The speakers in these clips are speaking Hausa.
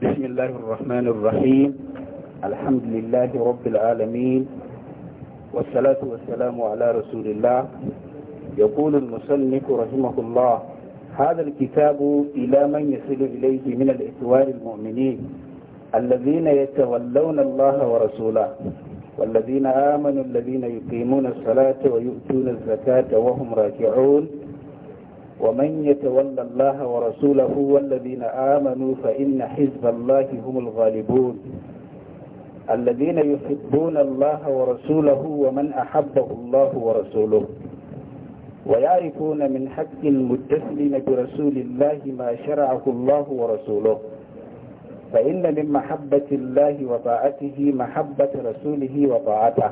بسم الله الرحمن الرحيم الحمد لله رب العالمين والصلاة والسلام على رسول الله يقول المسلك رحمه الله هذا الكتاب إلى من يصل إليه من الإثوار المؤمنين الذين يتولون الله ورسوله والذين آمنوا الذين يقيمون الصلاة ويؤتون الزكاة وهم راجعون ومن يتولى الله ورسوله والذين آمنوا فإن حزب الله هم الغالبون الذين يحبون الله ورسوله ومن أحبه الله ورسوله ويعرفون من حق المتسلم برسول الله ما شرعه الله ورسوله فإن من محبة الله وطاعته محبة رسوله وطاعته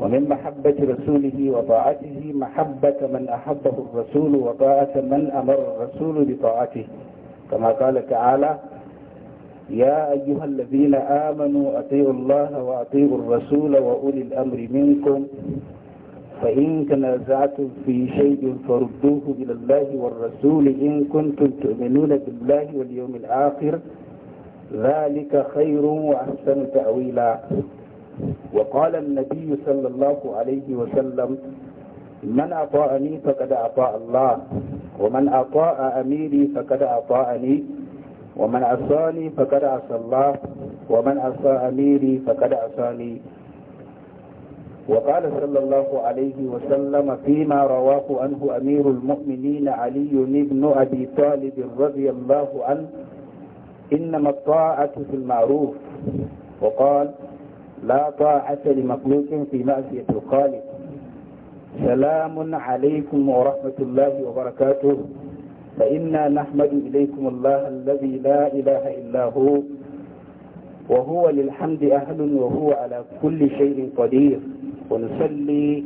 ومن محبة رسوله وطاعته محبة من أحبه الرسول وطاعة من أمر الرسول بطاعته كما قال تعالى يا أيها الذين آمنوا أطيعوا الله وأطيعوا الرسول وأولي الأمر منكم فإن تنازعتم في شيء فردوه إلى الله والرسول إن كنتم تؤمنون بالله واليوم الآخر ذلك خير وأحسن تأويلا وقال النبي صلى الله عليه وسلم من أطاعني فقد أطاع الله ومن أطاع أميري فقد أطاعني ومن عصاني فقد عصى الله ومن عصى أميري فقد عصاني وقال صلى الله عليه وسلم فيما رواه عنه أمير المؤمنين علي بن أبي طالب رضي الله عنه إنما الطاعة في المعروف وقال لا طاعة لمخلوق في معصية الخالق سلام عليكم ورحمة الله وبركاته فإنا نحمد إليكم الله الذي لا إله إلا هو وهو للحمد أهل وهو على كل شيء قدير ونصلي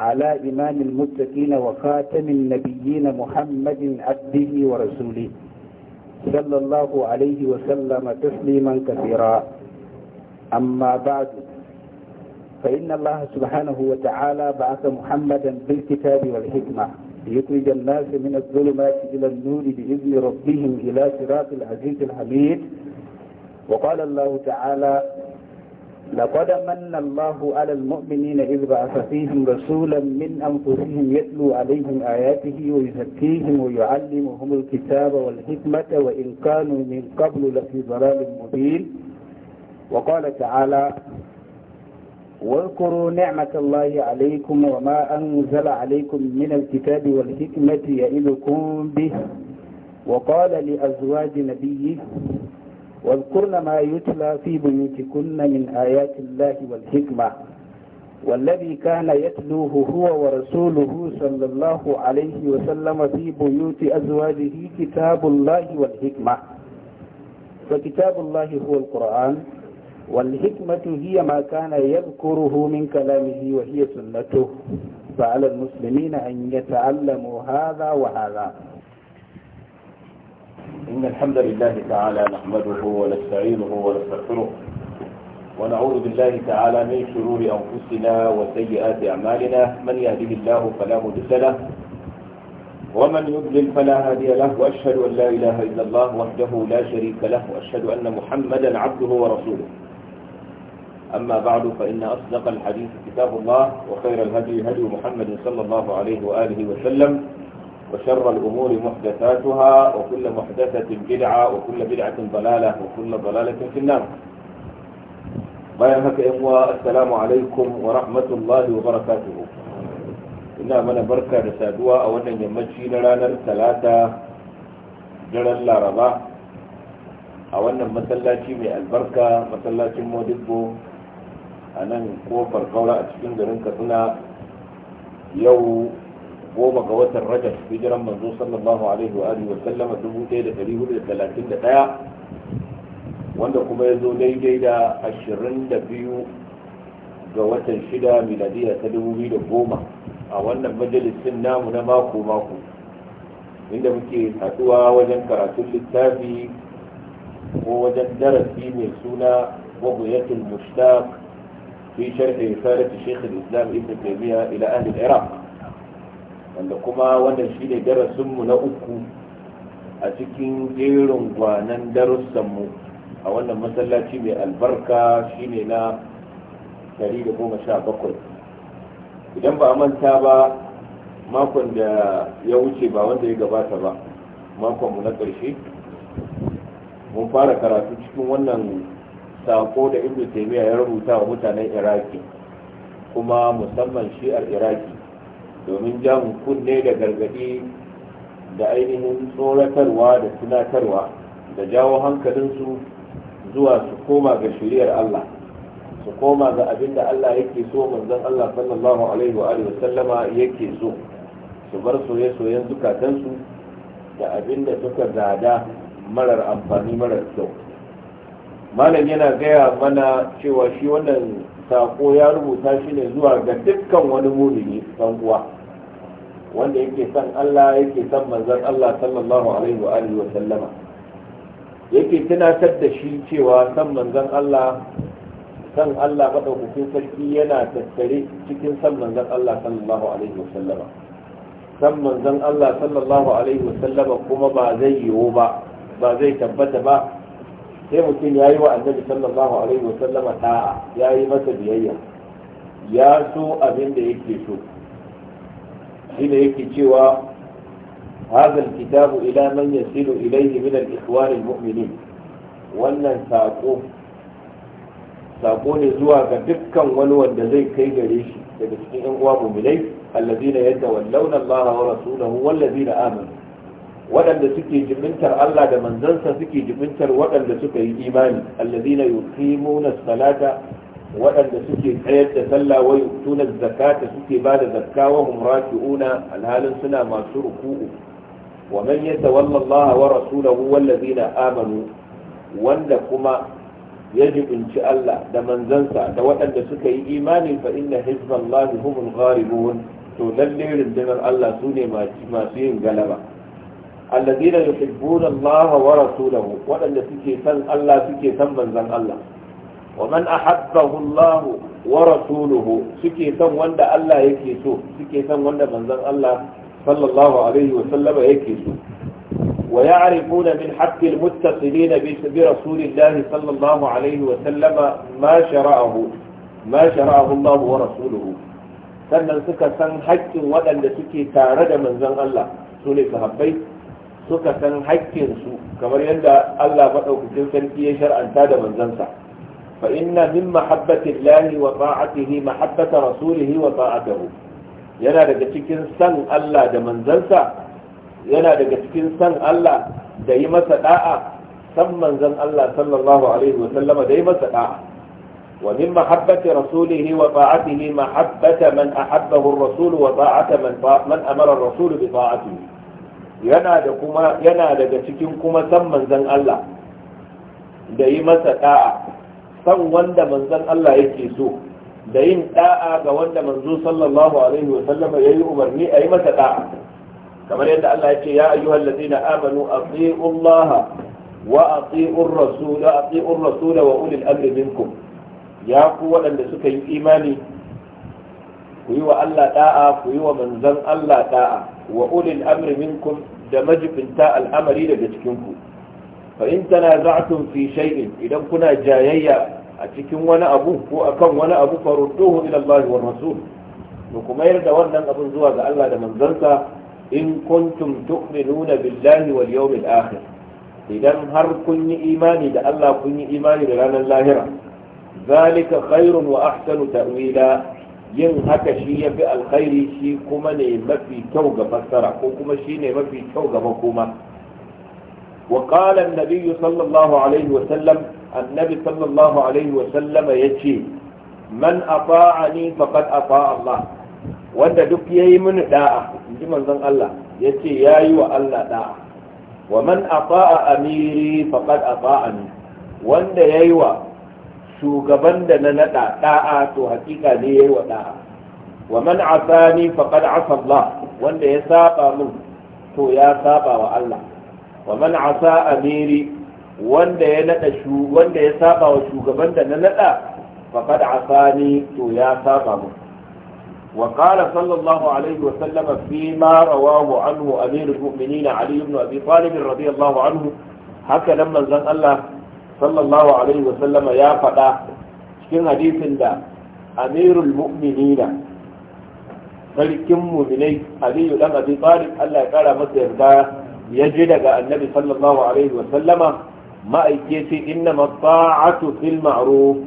على إمام المتقين وخاتم النبيين محمد عبده ورسوله صلى الله عليه وسلم تسليما كثيرا أما بعد فإن الله سبحانه وتعالى بعث محمدا بالكتاب والحكمة ليخرج الناس من الظلمات إلى النور بإذن ربهم إلى صراط العزيز الحميد وقال الله تعالى لقد من الله على المؤمنين إذ بعث فيهم رسولا من أنفسهم يتلو عليهم آياته ويزكيهم ويعلمهم الكتاب والحكمة وإن كانوا من قبل لفي ضلال مبين وقال تعالى واذكروا نعمة الله عليكم وما أنزل عليكم من الكتاب والحكمة يئذكم به وقال لأزواج نبيه واذكرن ما يتلى في بيوتكن من آيات الله والحكمة والذي كان يتلوه هو ورسوله صلى الله عليه وسلم في بيوت أزواجه كتاب الله والحكمة فكتاب الله هو القرآن والحكمة هي ما كان يذكره من كلامه وهي سنته فعلى المسلمين أن يتعلموا هذا وهذا إن الحمد لله تعالى نحمده ونستعينه ونستغفره ونعوذ بالله تعالى من شرور أنفسنا وسيئات أعمالنا من يهده الله فلا مضل له ومن يضلل فلا هادي له وأشهد أن لا إله إلا الله وحده لا شريك له وأشهد أن محمدا عبده ورسوله أما بعد فإن أصدق الحديث كتاب الله وخير الهدي هدي محمد صلى الله عليه وآله وسلم وشر الأمور محدثاتها وكل محدثة بدعة وكل بدعة ضلالة وكل ضلالة في النار bayan haka yan uwa assalamu alaikum wa rahmatullahi wa barakatuhu ina mana barka da saduwa a wannan yammaci na ranar talata laraba a wannan masallaci mai albarka masallacin modibbo a nan kofar kaura a cikin garin katsina yau goma ga watan rajab hijiran manzo sallallahu alaihi wa alihi wa da ɗaya wanda kuma ya zo daidai da 22 ga watan shida miladiya ta dubu 2010 a wannan majalisin namu na mako mako inda muke haduwa wajen karatun littafi ko wajen darasi mai suna wabuyatul mushtaq في شرح رسالة الشيخ الإسلام ابن تيمية إلى أهل العراق عندكما وانا شيء درس منا أكو أتكين جير وانا درس سمو أو أن مسلا شيء البركة شيء نا شريد أبو مشاء بقل idan ba a ما كن يوشي با ya wuce ba wanda ya gabata ba makon mu na mun fara karatu cikin wannan sako da ibn taymiya ya rubuta wa mutanen iraki kuma musamman shi'ar iraki domin jan kunne da gargadi da ainihin tsoratarwa da tunatarwa da jawo hankalinsu zuwa su koma ga shiriyar Allah su koma ga abin da Allah yake so manzon Allah sallallahu alaihi wa alihi sallama yake so su bar soye-soyen zukatansu da abin da suka zada marar amfani marar kyau malam yana gaya mana cewa shi wannan sako ya rubuta shi ne zuwa ga dukkan wani mumini san uwa wanda yake son Allah yake san manzon Allah sallallahu alaihi wa alihi wa sallama yake tunatar da shi cewa san manzon Allah san Allah madaukakin sarki yana tattare cikin san manzon Allah sallallahu alaihi wa sallama san manzon Allah sallallahu alaihi wa sallama kuma ba zai yiwu ba ba zai tabbata ba sai mutum ya yi wa annabi sallallahu alaihi wasallama ta'a ya yi masa biyayya ya so abin da yake so shi da yake cewa هذا الكتاب إلى من يصل إليه من الإخوان المؤمنين wannan saƙo saƙo ne zuwa ga dukkan wani wanda zai kai gare shi daga cikin 'yan uwa muminai allazina yadda wallauna Allah wa rasulahu wallazina amanu waɗanda suke jimintar Allah da manzansa suke jimintar waɗanda suka yi imani allazina yuqimuna salata waɗanda suke tsayar da sallah wa yuqtuna zakata suke ba da zakka wa hum raki'una alhalin suna masu ruku'u wa man yatawalla Allah wa rasulahu wallazina amanu wanda kuma ya jibinci Allah da manzansa da waɗanda suka yi imani fa inna hizballahi humul gharibun to lalle rundunar Allah su ne masu yin galaba alladina yuhibbuna Allah wa rasulahu wadanda suke san Allah suke san manzon Allah wa man ahabbahu Allah wa rasuluhu suke san wanda Allah yake so suke san wanda manzon Allah sallallahu alaihi wa sallama yake so wa ya'rifuna min haqqi al-muttaqin bi sallallahu alaihi wa sallama ma shara'ahu ma shara'ahu Allah wa rasuluhu sannan suka san haƙƙin waɗanda suke tare da manzon Allah su ne sahabbai suka san haƙƙinsu kamar yadda Allah maɗaukakin sarki ya shar'anta da manzansa fa inna min mahabbati llahi wa ta'atihi mahabbata rasulihi wa ta'atuhu yana daga cikin san Allah da manzansa yana daga cikin san Allah da yi masa da'a san manzan Allah sallallahu alaihi wa sallama da yi masa da'a wa min mahabbati rasulihi wa ta'atihi mahabbata man ahabbahu ar-rasul wa ta'ata man man amara ar-rasul bi ta'atihi yana daga cikin kuma san manzan Allah da yi masa da'a san wanda manzan Allah yake so da yin da'a ga wanda manzo sallallahu alaihi wa sallama ya yayi umarni yi masa da'a kamar yadda Allah ya ce ya ayyuhal ladina amanu atiiu Allah wa atiiu ar-rasul wa atiiu ar-rasul wa ulil amri minkum ya ku waɗanda suka yi imani ku yi wa Allah da'a ku yi wa manzon Allah da'a wa ulil amri minkum da majifinta al'amari daga cikinku fa in tanaza'tum fi shay'in idan kuna jayayya a cikin wani abu ko kan wani abu farudduhu ila Allah wa rasul to kuma yarda wannan abin zuwa ga Allah da manzansa in kuntum nuna billahi wal mai akhir idan har kun yi imani da Allah kun yi imani da ranar lahira zalika khairun wa ahsanu ta'wila yin haka shi ya fi alkhairi shi kuma ne mafi kyau ga fassara ko kuma shi ne mafi kyau ga makoma wa qala an sallallahu alaihi wa sallam annabi sallallahu alaihi wa sallama yace man ata'ani faqad ata'a Allah wanda duk yayi mini da'a inji manzon Allah yace yayi wa Allah da'a wa man ata'a amiri faqad ata'ani wanda yayi wa shugaban da na naɗa ɗa'a to hakika ne ya yi wa ɗa'a. wa man asani faqad asa Allah wanda ya saba min to ya saba wa Allah wa man asa amiri wanda ya nada shu wanda ya saba wa shugaban da na nada faqad asani to ya saba min وقال صلى الله عليه وسلم فيما رواه عنه أمير المؤمنين علي بن أبي طالب رضي الله عنه haka nan manzon Allah sallallahu alaihi wasallama ya faɗa cikin hadisin da amirul mu'minina sarkin mu'minai aliyu dan abi talib Allah ya kara masa yarda ya je daga annabi sallallahu alaihi wasallama ma'aike ce inna mata'atu fil ma'ruf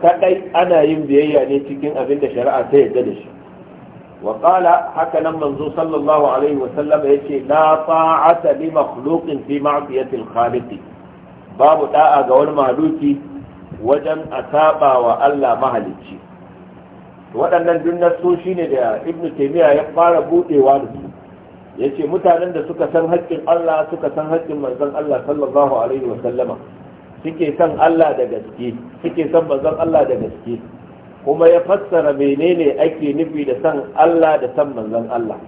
kadai ana yin biyayya ne cikin abin da shari'a ta yarda da shi wa qala haka nan manzo sallallahu alaihi wasallama yace la ta'ata li makhluqin fi ma'siyati al-khaliq babu da'a ga wani mahaluki wajen a saba wa Allah mahalicci waɗannan dunnasu shi ne da ibn taimiyya ya fara buɗewa da su ya ce mutanen da suka san haƙƙin Allah suka san haƙƙin manzon Allah sallallahu alaihi wa sallama suke san Allah da gaske suke san manzon Allah da gaske kuma ya fassara menene ake nufi da san Allah da san manzon Allah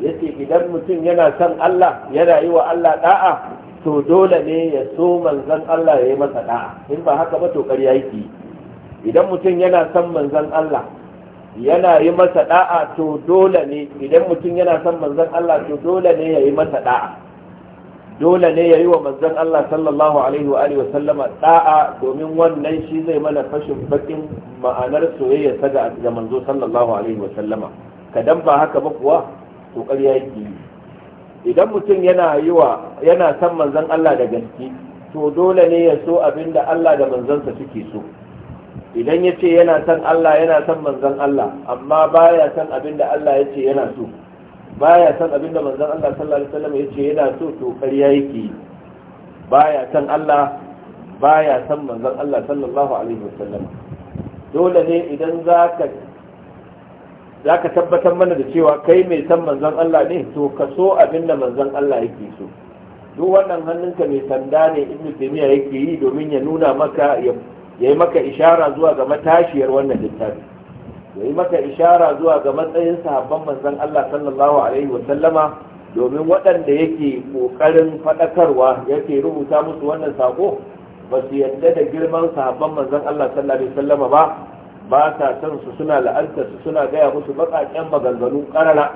yace idan mutum yana san Allah yana yi wa Allah da'a to dole ne ya so manzan Allah ya yi masa da'a in ba haka ba to ƙarya yake idan mutum yana son manzan Allah yana yi masa da'a to dole ne idan mutum yana son manzan Allah to dole ne ya yi masa da'a dole ne ya yi wa manzan Allah sallallahu alaihi wa alihi sallama da'a domin wannan shi zai mana fashin bakin ma'anar soyayya ta ga manzo sallallahu alaihi wa sallama kadan ba haka ba kuwa to ƙarya yake yi idan mutum yana yi wa yana san manzan Allah da gaske to dole ne ya so abinda Allah da manzansa suke so idan ya ce yana san Allah yana san manzan Allah amma baya san abinda Allah ya ce yana so baya san abinda manzan Allah sallallahu alaihi wasallam ya ce yana so to ƙarya yake baya san Allah baya san manzan Allah sallallahu alaihi wasallam dole ne idan zaka za ka tabbatar mana da cewa kai mai san Manzan Allah ne to ka so abin da manzan Allah yake so duk wannan hannunka mai sanda ne inda taymiya yake yi domin ya nuna maka ya yi maka ishara zuwa ga matashiyar wannan littafi ya yi maka ishara zuwa ga matsayin sahabban Manzan Allah sallallahu alaihi wa sallama domin waɗanda yake ƙoƙarin faɗakarwa yake rubuta musu wannan sako ba su yadda da girman sahabban Manzan Allah sallallahu alaihi wa sallama ba ba ta san su suna la'anta su suna gaya musu baƙaƙen maganganu karara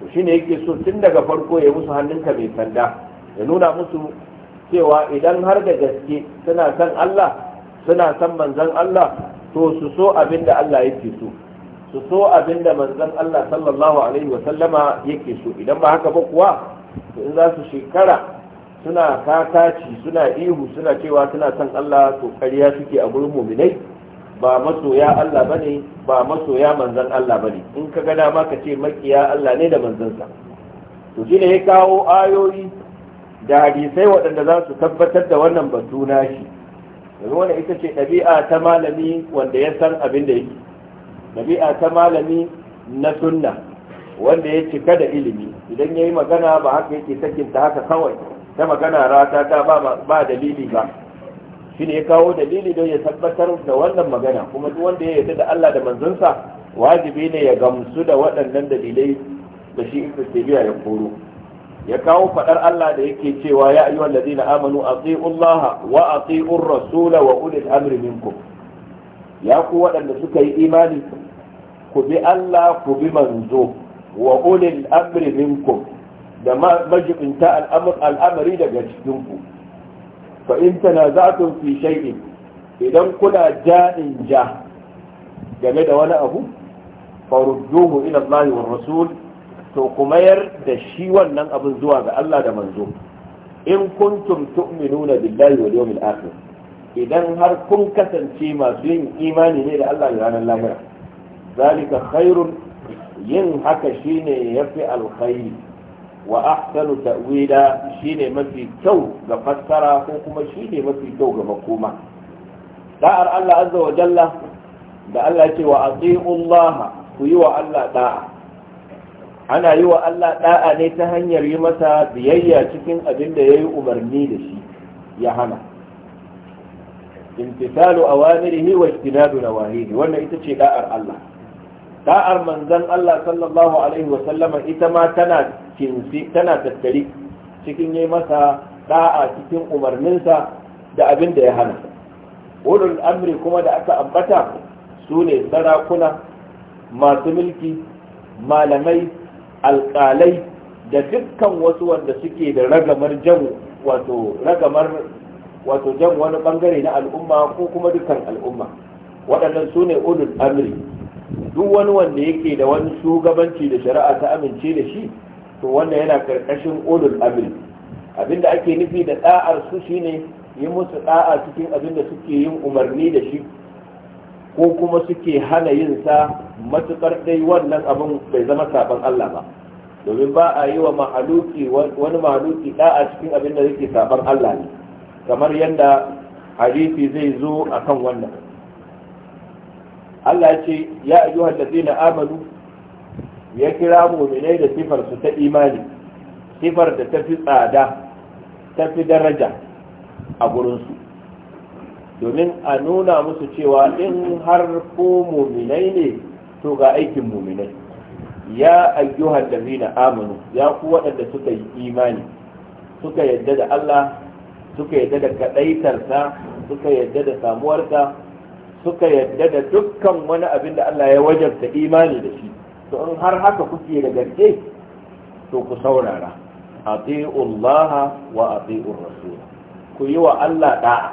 to shine yake so tun daga farko ya musu hannunka mai sanda ya nuna musu cewa idan har da gaske suna san Allah suna san manzon Allah to su so abin da Allah yake so su so abin da manzon Allah sallallahu alaihi wa sallama yake so idan ba haka ba kuwa to in za su shekara suna kakaci suna ihu suna cewa suna san Allah to ƙarya suke a gurin muminai ba masoya Allah bane ba masoya manzon Allah bane in ka gada ma ka ce makiya Allah ne da manzansa to shine ya kawo ayoyi da hadisai waɗanda za su tabbatar da wannan batu shi yanzu wannan ita ce ɗabi'a ta malami wanda ya san abin da yake ɗabi'a ta malami na sunna wanda ya cika da ilimi idan ya yi magana ba haka yake sakin haka kawai ta magana rata ta ba dalili ba shi ne ya kawo dalili don ya tabbatar da wannan magana kuma duk wanda ya yarda da Allah da manzonsa, wajibi ne ya gamsu da waɗannan dalilai da shi ibnu taymiya ya koro ya kawo fadar Allah da yake cewa ya ayyuhal ladina amanu atiiu Allah wa atiiu rasul wa ulil amri minkum ya ku waɗanda suka yi imani ku bi Allah ku bi manzo wa ulil amri minkum da majibinta al'amari daga cikinku fa in tanaza'tum fi shay'in idan kuna ja'in ja game da wani abu farudduhu ila Allah wa rasul to kuma yar da shi wannan abin zuwa ga Allah da manzo in kuntum tu'minuna billahi wal yawmil akhir idan har kun kasance masu yin imani ne da Allah da ranar lahira zalika khairun yin haka shine yafi alkhairi wa ahsanu ta'wila shine mafi kyau ga fassara ko kuma shine mafi kyau ga makoma da'ar Allah azza wa jalla da Allah ya ce wa ati'u Allah ku yi wa Allah da'a ana yi wa Allah da'a ne ta hanyar yi masa biyayya cikin abin da yayi umarni da shi ya hana imtisalu awamirihi wa ijtinabu nawahihi wannan ita ce da'ar Allah da'ar manzan Allah sallallahu alaihi wasallama ita ma tana tana tattari cikin yi masa da'a cikin umarninsa da abin da ya hana Wurin amri kuma da aka ambata su ne sarakuna masu mulki malamai alƙalai da dukkan wasu wanda suke da ragamar jan wato ragamar wato jan wani bangare na al'umma ko kuma dukkan al'umma waɗannan su ne ulul amri duk wani wanda yake da wani shugabanci da shari'a ta amince da shi to wannan yana karkashin ulul amri abinda ake nufi da da'ar su shine yi musu da'a cikin abin da suke yin umarni da shi ko kuma suke hana yin sa matukar dai wannan abin bai zama saban Allah ba domin ba a yi wa mahaluki wani mahaluki da'a cikin abin da yake saban Allah ne kamar yadda hadisi zai zo akan wannan Allah ya ce ya ayyuhal ladina amanu ya kira mu'minai da sifar su ta imani sifar da ta fi tsada ta fi daraja a gurin su domin a nuna musu cewa in har ko mu'minai ne to ga aikin mu'minai ya ayyuhal ladina amanu ya ku waɗanda suka yi imani suka yadda da Allah suka yadda da kaɗaitarsa, suka yadda da samuwarsa suka yadda da dukkan wani abin da Allah ya wajabta imani da shi to in har haka kuke da gaske to ku saurara atiullaha wa atiur rasul ku yi wa Allah da'a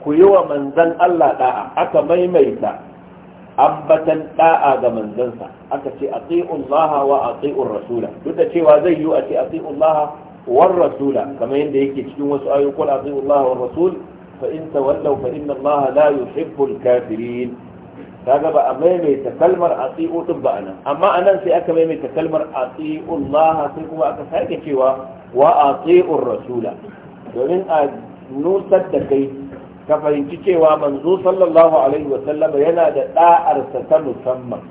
ku yi wa manzon Allah da'a aka maimaita ambatan da'a ga manzansa aka ce atiullaha wa atiur rasula duk da cewa zai yi a ce atiullaha wa rasula kamar yadda yake cikin wasu ayoyi kul atiullaha war rasul فإن تولوا فإن الله لا يحب الكافرين kaga ba a maimaita kalmar asi'u din ba anan amma anan sai aka maimaita kalmar asi'u Allah sai kuma aka sake cewa wa asi'u rasula domin a nutsar da kai ka fahimci cewa manzo sallallahu alaihi wa sallama yana da da'arsa ta musamman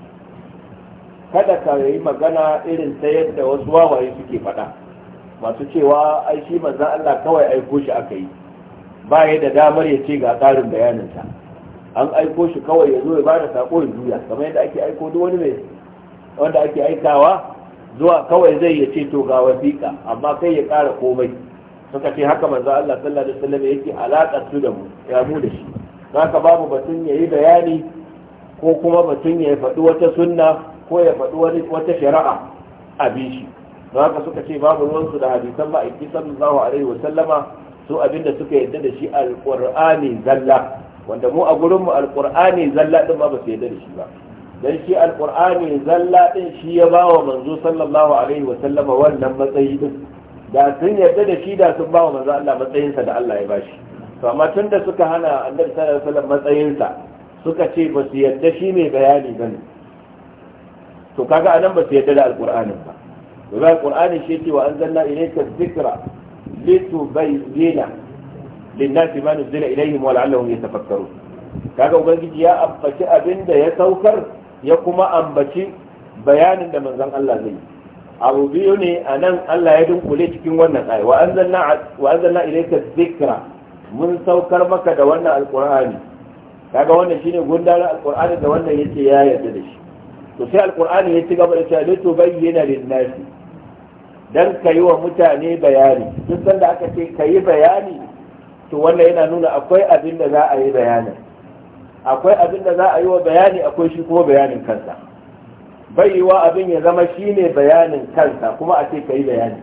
kada ka yi magana irin ta yadda wasu wawaye suke faɗa masu cewa ai shi manzon Allah kawai aiko shi aka yi ba ya da damar ya ce ga tsarin bayaninsa an aiko shi kawai ya zo ya bada sako ya juya kamar yadda ake aiko duk wani mai wanda ake aikawa zuwa kawai zai ya ce to ga wasiƙa amma kai ya ƙara komai suka ce haka manzo Allah sallallahu alaihi wasallam yake alaƙar su da mu ya mu da shi haka babu batun ya yi bayani ko kuma batun ya faɗi wata sunna ko ya faɗi wata shari'a a bishi haka suka ce babu ruwan su da hadisan ba a sallallahu alaihi wasallama su abinda suka yadda da shi Alƙur'ani zalla wanda mu a gurinmu alqur'ani zalla ɗin ma ba su yadda da shi ba dan shi Alƙur'ani zalla ɗin shi ya bawa manzo sallallahu alaihi wa sallama wannan matsayi ɗin. da sun yadda da shi da sun bawa manzo Allah matsayinsa da Allah ya bashi to amma tun da suka hana annabi sallallahu alaihi wasallam matsayinsa suka ce ba su yadda shi mai bayani bane to kaga anan ba su yadda da alqur'anin ba domin Alƙur'ani shi ce wa anzalna ilayka dhikra litubayyana linnasi ma nuzila ilaihim wa la'allahum yatafakkarun kaga ubangiji ya ambaci abin da ya saukar ya kuma ambaci bayanin da manzon Allah zai abu biyu ne a nan Allah ya dunkule cikin wannan ayi wa anzalna ilayka dhikra mun saukar maka da wannan alqur'ani kaga wannan shine gundarin alqur'ani da wannan yace ya yarda da shi to sai alqur'ani ya ci gaba da cewa litubayyana linnasi dan ka yi wa mutane bayani duk sanda aka ce ka yi bayani to wannan yana nuna akwai abin da za a yi bayanin akwai abin da za a yi wa bayani akwai shi kuma bayanin kansa bai wa abin ya zama shine bayanin kansa kuma a ce ka yi bayani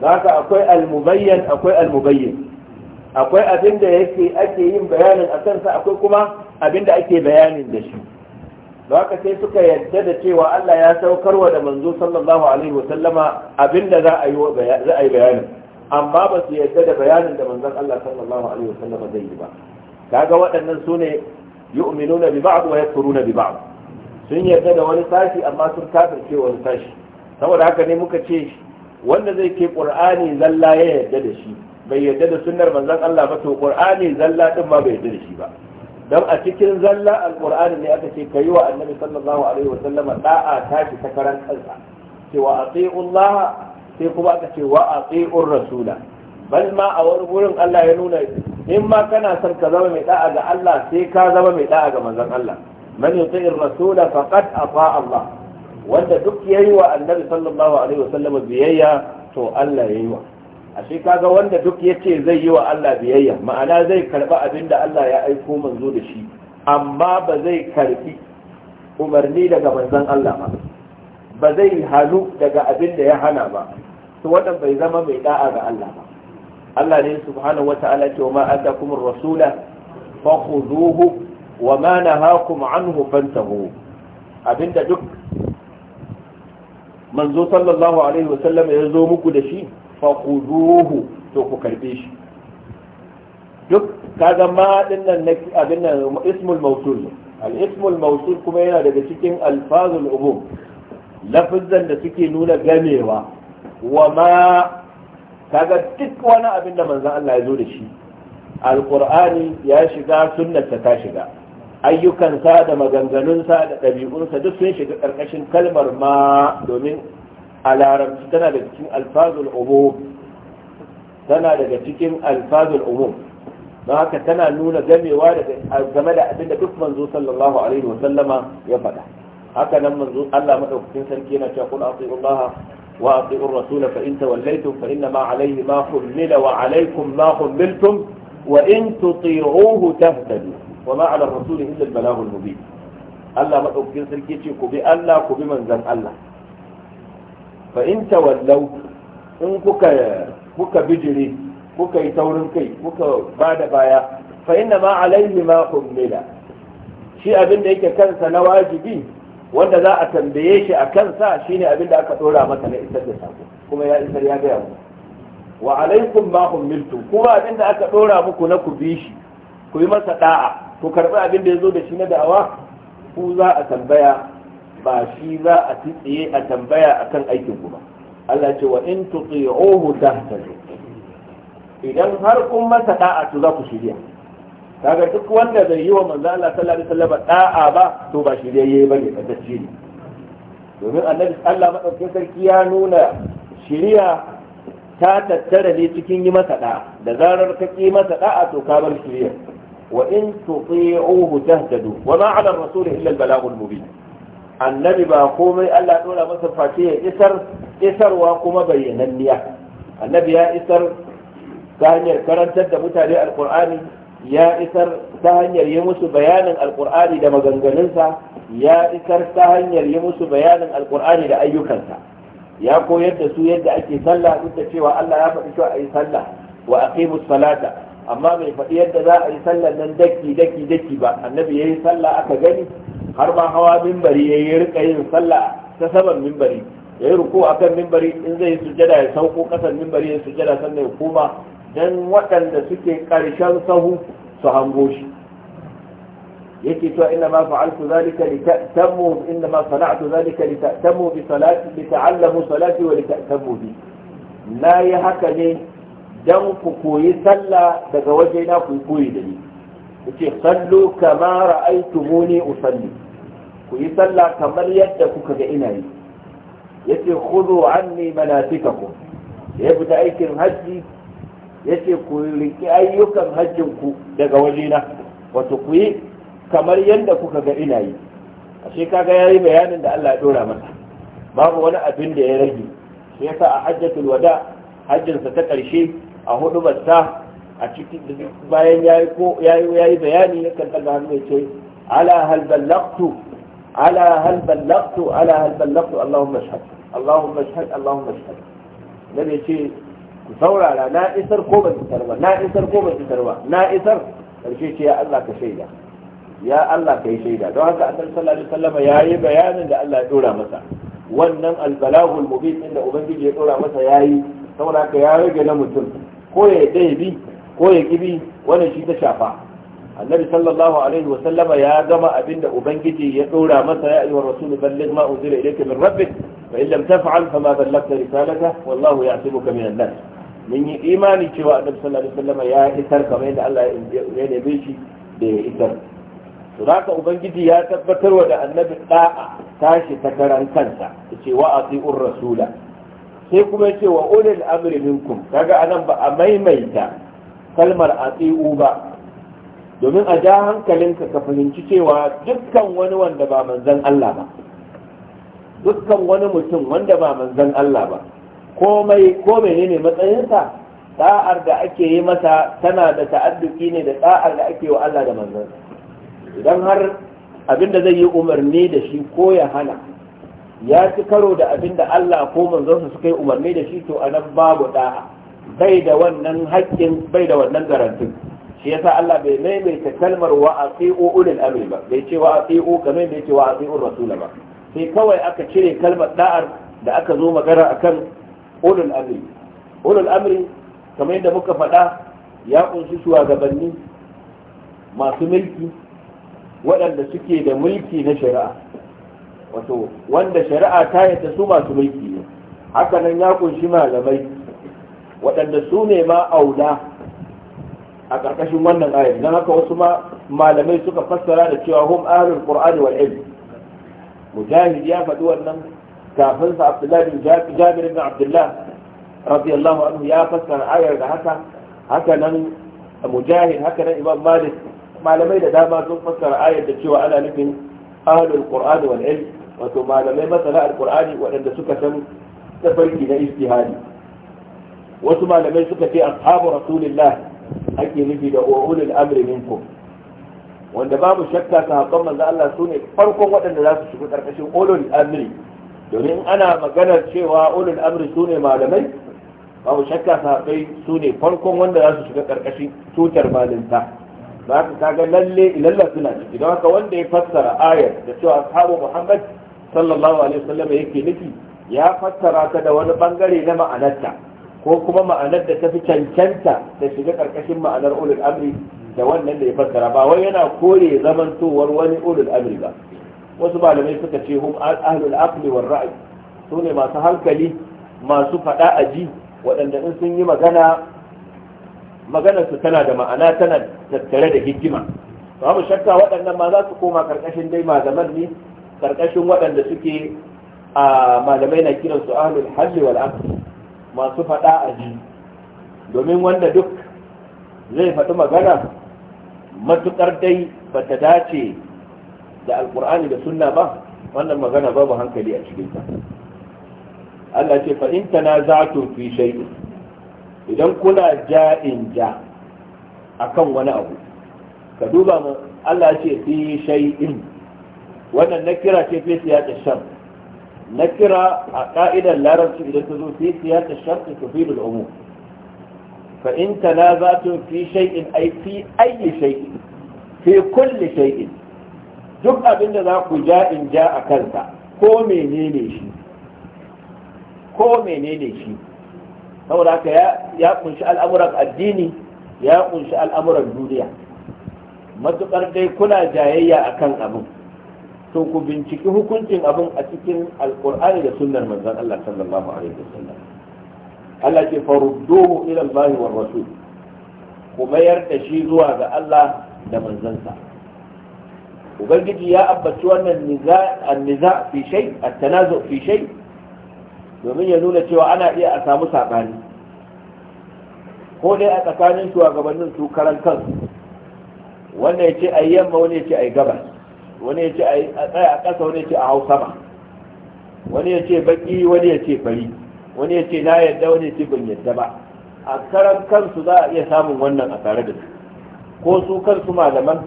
haka akwai almubayyan akwai almubayyin akwai abin da yake ake yin bayanin a kansa akwai kuma abin da ake bayanin da shi da haka sai suka yadda da cewa Allah ya saukarwa da manzo sallallahu alaihi wa sallama abinda za a yi za a yi bayanin amma ba su yadda da bayanin da manzon Allah sallallahu alaihi wa sallama zai yi ba kaga waɗannan sune ne yu'minuna bi ba'd wa yakfuruna bi ba'd sun yadda da wani sashi amma sun kafirce wani sashi saboda haka ne muka ce wanda zai ke qur'ani zalla ya yadda da shi bai yadda da sunnar manzon Allah ba to qur'ani zalla din ma bai yadda da shi ba don a cikin zalla Alƙur'ani ne aka ce kayi wa annabi sallallahu alaihi wa sallama da'a ta ta karan kansa cewa sai kuma aka ce wa atiur rasula bal ma a wani gurin Allah ya nuna in ma kana son ka zama mai da'a ga Allah sai ka zama mai da'a ga manzon Allah man yuti'ir rasula faqad ata Allah wanda duk yayi wa annabi sallallahu alaihi wa sallama biyayya to Allah yayi wa ashe kaga wanda duk ya ce zai yi wa Allah biyayya ma'ana zai karba abinda Allah ya aiko manzo da shi amma ba zai karɓi umarni daga manzon Allah ba ba zai halu daga abinda ya hana ba to wannan bai zama mai da'a ga Allah ba Allah ne subhanahu wata'ala ce wa ma atakumur rasula fakhuduhu wa ma nahakum anhu fantahu abinda duk manzo sallallahu alaihi wasallam ya zo muku da shi fa to ku karbe shi duk kaga ma dinnan na abin nan ismul mawsul al ismul mawsul kuma yana daga cikin alfazul umum lafazan da suke nuna gamewa wa ma kaga duk wani abin da manzon Allah ya zo da shi alqur'ani ya shiga sunnarsa ta shiga ayyukansa da maganganunsa da ɗabi'unsa duk sun shiga ƙarƙashin kalmar ma domin a larabci tana daga cikin alfazul umum tana daga cikin alfazul umum don haka tana nuna gamewa game da abin da duk manzo sallallahu alaihi wasallama ya faɗa haka nan manzo Allah madaukakin sarki yana cewa kun atiyu Allah wa atiyu Rasul fa in tawallaytum fa inna ma alayhi ma hummila wa alaykum ma hummiltum wa in tuti'uhu tahtadu wa ma ala rasul illa al balagh al mubin Allah madaukakin sarki ce ku bi Allah ku bi manzon Allah fa in tawallau in kuka kuka bijire kuka yi taurin kai kuka bada baya fa ma alaihi ma hummila shi abin yake kansa na wajibi wanda za a tambaye shi a kansa shine abin da aka dora masa na isar da kuma ya isar ya gaya wa ma kuma aka ɗora muku na ku bi shi ku yi masa ɗa'a. ku karɓi abin da ya zo da shi na da'awa ku za a tambaya ba shi za a tsitsiye a tambaya akan aikin ba Allah ce wa in ta tahtaju idan har kun masa da'a to za ku shirya kaga duk wanda zai yi wa manzo Allah sallallahu alaihi wasallam da'a ba to ba shirya ya bane ba ne domin annabi Allah madaukakin sarki ya nuna shirya ta tattara ne cikin yi masa da'a da zarar ka ƙi masa da'a to ka bar shirya وإن تطيعوه تهتدوا وما على الرسول إلا البلاغ المبين annabi ba komai Allah dora masa face ya isar isarwa kuma bayyananniya annabi ya isar karantar da mutane alkur'ani ya isar ta hanyar yi musu bayanin alkur'ani da maganganunsa ya isar ta hanyar yi musu bayanin alkur'ani da ayyukansa ya koyar da su yadda ake sallah duk da cewa Allah ya faɗi cewa a yi sallah wa aqimus salata amma bai faɗi yadda za a yi sallar nan daki daki daki ba annabi ya yi sallah aka gani har ma hawa mimbari yayi rika yin sallah ta saman mimbari yayi ruku akan mimbari in zai yi sujada ya sauko kasan mimbari ya sujada sannan ya koma dan waɗanda suke ƙarshen sahu su hango shi yake cewa inna ma fa'altu zalika li ta'tamu inna ma sana'tu zalika li ta'tamu bi salati li ta'allamu salati wa li ta'tamu bi na yi haka ne dan ku koyi sallah daga waje na ku koyi da ni yace sallu kama ra'aytumuni usalli ku yi sallah kamar yadda kuka ga ina yi yace khudhu anni manasikakum ya fita aikin hajji yace ku riki ayyukan hajjin ku daga waje na wato ku yi kamar yadda kuka ga ina yi ashe kaga yayi bayanin da Allah ya dora masa babu wani abin da ya rage shi yasa a hajjatul wada hajjinsa ta ƙarshe a hudu batta a cikin bayan ya yi bayani ya kan daga hannu ya ce ala hal ballaqtu ala hal ballaqtu ala hal ballaqtu allahumma shahad allahumma shahad allahumma shahad nabi ya ce ku saurara na isar ko ban isar ba na isar ko ban isar ba na isar karshe ce ya Allah ka shaida ya Allah ka yi shaida don haka annabi sallallahu alaihi wasallam ya yi bayanin da Allah ya dora masa wannan albalagul mubin din da ubangiji ya dora masa yayi saboda haka ya rage na mutum ko ya yadda ya bi ko ya bi wannan shi ta shafa annabi sallallahu alaihi wa sallama ya gama abinda ubangiji ya dora masa ya ayyuhar rasul balligh ma unzila ilayka min rabbik fa in lam taf'al fama ballaghta risalata wallahu ya'tibuka min an-nas mun yi imani cewa annabi sallallahu alaihi wa sallama ya isar kamar yadda Allah ya nebe shi da ya isar to haka ubangiji ya tabbatar wa da annabi da'a tashi ta karan kansa yace wa asiur rasula sai kuma ce wa ulil amri minkum kaga anan ba a maimaita kalmar ati'u ba domin a ja hankalinka ka fahimci cewa dukkan wani wanda ba manzan Allah ba dukkan wani mutum wanda ba manzan Allah ba komai ko menene matsayinsa da'ar da ake yi masa tana da ta'adduki ne da da'ar da ake wa Allah da manzon idan har abinda zai yi umarni da shi ko ya hana ya ci karo da abin da Allah ko manzonsa suka yi umarni da shi to a nan babu da'a bai da wannan haƙƙin bai da wannan garantin shi yasa Allah bai maimaita kalmar wa asiu ulil amri ba bai ce wa asiu kamar yadda ce wa asiu rasul ba sai kawai aka cire kalmar da'ar da aka zo magana akan ulul amri ulul amri kamar yadda muka faɗa ya kunshi shugabanni masu mulki waɗanda suke da mulki na shari'a wato wanda shari'a ta yadda su masu mulki ne haka nan ya kunshi malamai waɗanda su ne ma aula a ƙarƙashin wannan ayar don haka wasu ma malamai suka fassara da cewa hum ahlul qur'ani wal ilm mujahid ya faɗi wannan kafin sa abdullahi bin jabir ibn abdullah radiyallahu anhu ya fassara ayar da haka haka nan mujahid haka nan imam malik malamai da dama sun fassara ayar da cewa ana nufin ahlul qur'an wal ilm wato malamai masana alqur'ani waɗanda suka san tafarki na ijtihadi wasu malamai suka ce ashabu rasulillah ake nufi da ulul amri minkum wanda babu shakka sahabban manzo Allah su ne farkon waɗanda za su shiga ƙarƙashin ulul amri domin ana maganar cewa ulul amri su ne malamai babu shakka sahabbai su ne farkon wanda za su shiga ƙarƙashin tutar malinta za ka kaga lalle ilalla suna ciki don haka wanda ya fassara ayar da cewa ashabu muhammad sallallahu alaihi wasallam yake nufi ya fassara ta da wani bangare na ma'anarta ko kuma ma'anar da ta fi cancanta da shiga karkashin ma'anar ulul amri da wannan da ya fassara ba wai yana kore zamantowar wani ulul amri ba wasu malamai suka ce hum ahlul aqli war ra'i su ne masu hankali masu fada aji waɗanda in sun yi magana maganarsu tana da ma'ana tana tattare da hikima babu shakka waɗannan ma za su koma karkashin dai malaman ne karkashin waɗanda suke a malamai na kiran su ahlul hajji wal masu faɗa a ji domin wanda duk zai faɗi magana matukar dai ba ta dace da alƙur'ani da sunna ba wannan magana babu hankali a cikinta Allah ce fa in tanaza'tum fi shay'in idan kuna ja'in ja kan wani abu ka duba mu Allah ce fi shay'in wannan na kira ce fi siya shan. Na kira a ka'idar larabci idan ta zo fi siyaqi shar ta tufidu al-umum fa in tanazatu fi shay'in ay fi ayi shay'in fi kulli shay'in duk abin da za ku ja in ja a kansa ko menene shi ko menene shi saboda haka ya kunshi al'amuran addini ya kunshi al'amuran duniya Matuƙar dai kuna jayayya a kan abin to ku binciki hukuncin abin a cikin Alƙur'ani da sunnar Manzan Allah sallallahu alaihi wasallam Allah ke farudduhu ila Allah wa rasul ku mayar da shi zuwa ga Allah da manzansa ubangiji ya ambaci wannan niza an-niza fi shay at-tanazu fi shay domin ya nuna cewa ana iya a samu saɓani ko dai a tsakanin shugabannin su karan kansu wanda ya ce a yi yamma wani ya ce a yi gabas wani ya ce a tsaya a ƙasa wani ya ce a hau sama wani ya ce baƙi wani ya ce fari wani ya ce na yadda wani ya ce ban yadda ba a karan kansu za a iya samun wannan a tare da su ko su kansu malaman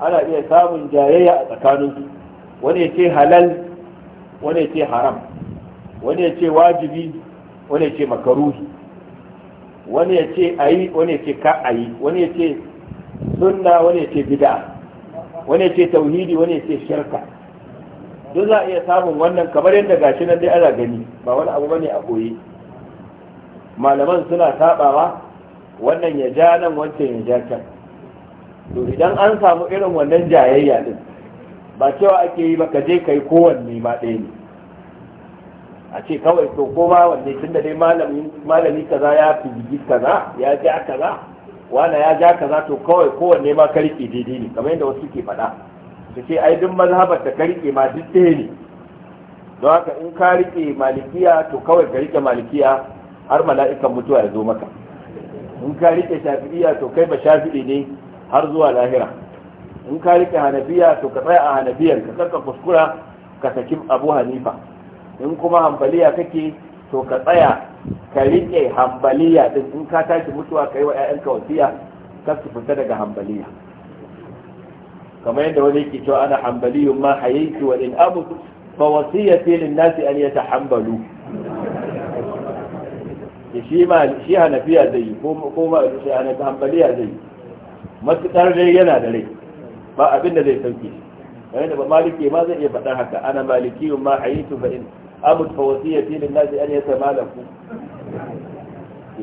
ana iya samun jayayya a tsakaninsu wani ya ce halal wani ya ce haram wani ya ce wajibi wani ya ce makaruhi wani ya ce ayi wani ya ce ka ayi wani ya ce sunna wani ya ce bid'a wani ya ce tauhidi wani ya ce shirka duk za a iya samun wannan kamar yadda gashi nan dai ana gani ba wani abu bane a koyi malaman suna sabawa wannan ya ja nan wancan ya ja can to idan an samu irin wannan jayayya din ba cewa ake yi ba ka je kai kowanne ma ɗaya ne a ce kawai to ko ba wanne tun da dai malami kaza ya fi jigi kaza ya ja kaza wana ya ja kaza to kawai kowanne ma karike daidai ne kamar yadda wasu ke faɗa su ce ai duk mazhabar ta karike ma duk ɗaya ne don haka in ka rike malikiya to kawai ka rike malikiya har mala'ikan mutuwa ya zo maka in ka rike shafi'iya to kai ba shafi'i ne har zuwa lahira in ka rike hanabiya to ka tsaya a hanabiyar ka karka kuskura ka saki abu hanifa in kuma hambaliya kake to ka tsaya ka riƙe hambaliya din in ka tashi mutuwa ka yi wa 'ya'yanka wasiya ka su fita daga hambaliya kamar yadda wani yake cewa ana hambaliyun ma hayaitu wa in amutu fa wasiyati filin nasi an yatahambalu shi ma shi hanafiya zai yi ko ma shi hanafiya zai yi matukar dai yana da rai ba abin da zai sauke shi kamar yadda maliki ma zai iya faɗar haka ana malikiyun ma hayaitu fa in abu tawasiya filin nasi an yasa malaku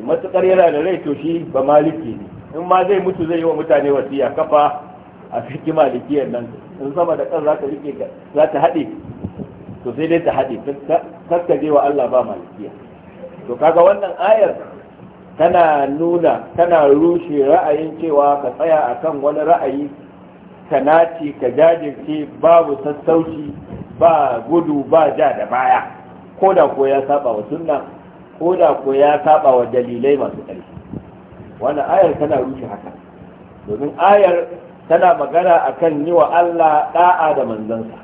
matukar yana da rai to shi ba maliki ne in ma zai mutu zai yi wa mutane wasiya kafa a fiki malikiyar nan in sama da kan zaka rike za ta haɗe to sai dai ta haɗe kakkaje wa Allah ba malikiya to kaga wannan ayar tana nuna tana rushe ra'ayin cewa ka tsaya akan wani ra'ayi ka ci, ka jajirce babu sassauci ba gudu ba ja da baya ko da ko ya saba wa sunna ko da ko ya saba wa dalilai masu ƙarfi wannan ayar tana rushe haka domin ayar tana magana akan yi wa Allah da'a da manzansa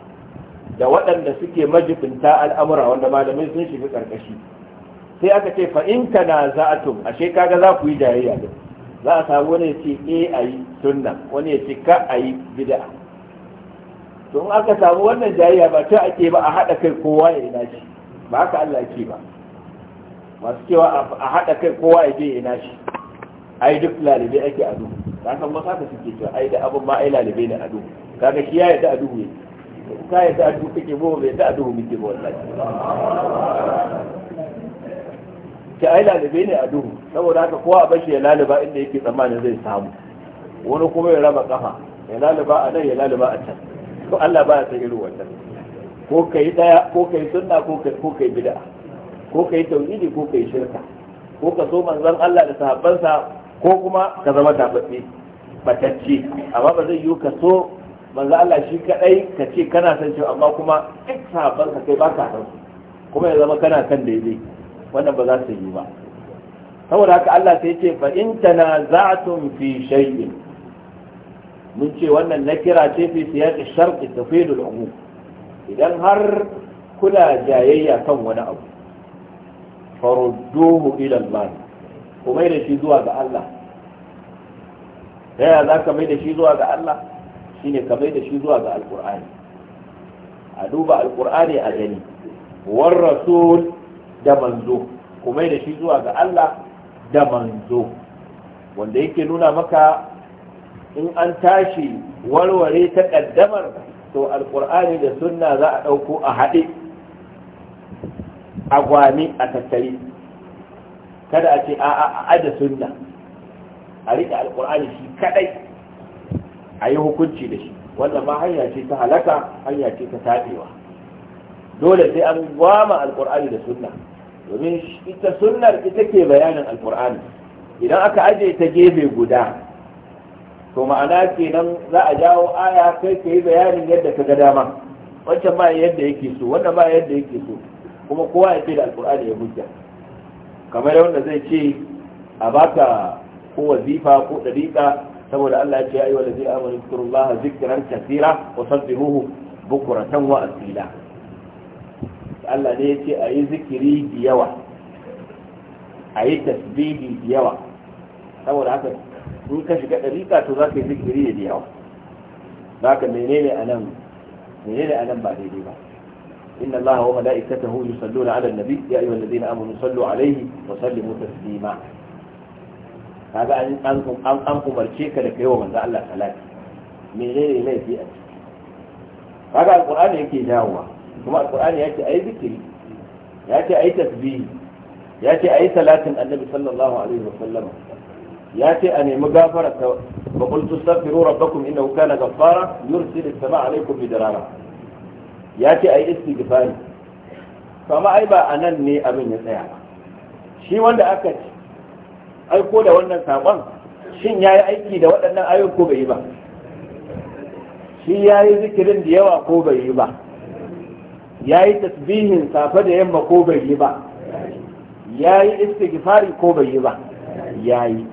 da waɗanda suke majibinta al'amura wanda malamai sun shiga ƙarƙashi sai aka ce fa na za'atum ashe kaga za ku yi jayayya za a samu wani ya ce e a yi sunna wani ya ce ka a yi bida'a to aka samu wannan jayayya ba ta ake ba a haɗa kai kowa ya ina shi ba haka Allah ke ba masu cewa a haɗa kai kowa ya je ya ina shi ai duk lalibe ake duhu ka san masa ka suke cewa ai da abin ma ai lalibe a duhu kaga shi ya yadda duhu ne ka yadda duhu kake bo bai yadda duhu muke ba wallahi ta ai lalibe ne a duhu? saboda haka kowa a bashi ya laliba inda yake tsammanin zai samu wani kuma ya raba kafa ya laliba a nan ya laliba a can to Allah ba ya san irin wannan ko kai daya ko kai sunna ko kai ko kai bid'a ko kai tauhidi ko kai shirka ko ka so manzon Allah da sahabbansa ko kuma ka zama tabbaci batacci amma ba zai yi ka so manzon Allah shi kadai ka ce kana san shi amma kuma duk sahabbansa kai ba baka san kuma ya zama kana kan daidai wannan ba za su yi ba saboda haka Allah sai ce fa in tanaza'tum fi shay'in mun ce wannan na kira ce fi siyaqi sharqi tafidul umum idan har kula jayayya kan wani abu farudduhu ila Allah kuma da shi zuwa ga Allah yaya za ka mai da shi zuwa ga Allah Shi ne ka mai da shi zuwa ga alqur'ani a duba alqur'ani a gani war rasul da manzo kuma da shi zuwa ga Allah da manzo wanda yake nuna maka in an tashi warware ta ƙaddamar to alƙur'ani da sunna za a ɗauko a haɗe a gwami a tattari kada a ce a ada sunna a riƙe alƙur'ani shi kaɗai a yi hukunci da shi wannan ma hanya ce ta halaka hanya ce ta taɓewa dole sai an gwama alƙur'ani da sunna domin ita sunnar ita ke bayanin alƙur'ani idan aka aje ta gefe guda to ma'ana kenan za a jawo aya kai ka yi bayanin yadda ka ga dama wancan ba yadda yake so wannan ba yadda yake so kuma kowa ya ce da alkur'ani ya hujja kamar wanda zai ce a baka ko wazifa ko dariƙa saboda Allah ya ce ayyuhal ladzina amanu zkurullaha zikran kaseera wa sabbihuhu bukratan wa asila Allah ne ya ce a yi zikiri da yawa a yi tasbihi da yawa saboda haka in ka shiga ɗariƙa to za ka yi zikiri da yawa za ka menene a nan menene a ba daidai ba inna allaha wa mala'ikatahu yusalluna ala annabi ya ayyuha alladhina amanu sallu alayhi wa sallimu taslima kaga an an an an kubarce ka da kaiwa manzo Allah salati menene ne laifi a kaga alqur'ani yake dawowa kuma alqur'ani yake ayi zikiri yake ayi tasbih yake ayi salatin annabi sallallahu alaihi wa sallam ya ce a nemi gafara ta ba qul tastaghfiru rabbakum innahu na ghaffara yursilu as-samaa alaykum bidarara ya ce ayi istighfari to Kama ai ba a nan ne abin ya tsaya shi wanda aka aiko da wannan saƙon, shin yi aiki da waɗannan ayoyi ko bai yi ba shi ya yi zikirin da yawa ko bai yi ba ya yi tasbihin safe da yamma ko bai yi ba ya yi istighfari ko bai yi ba ya yi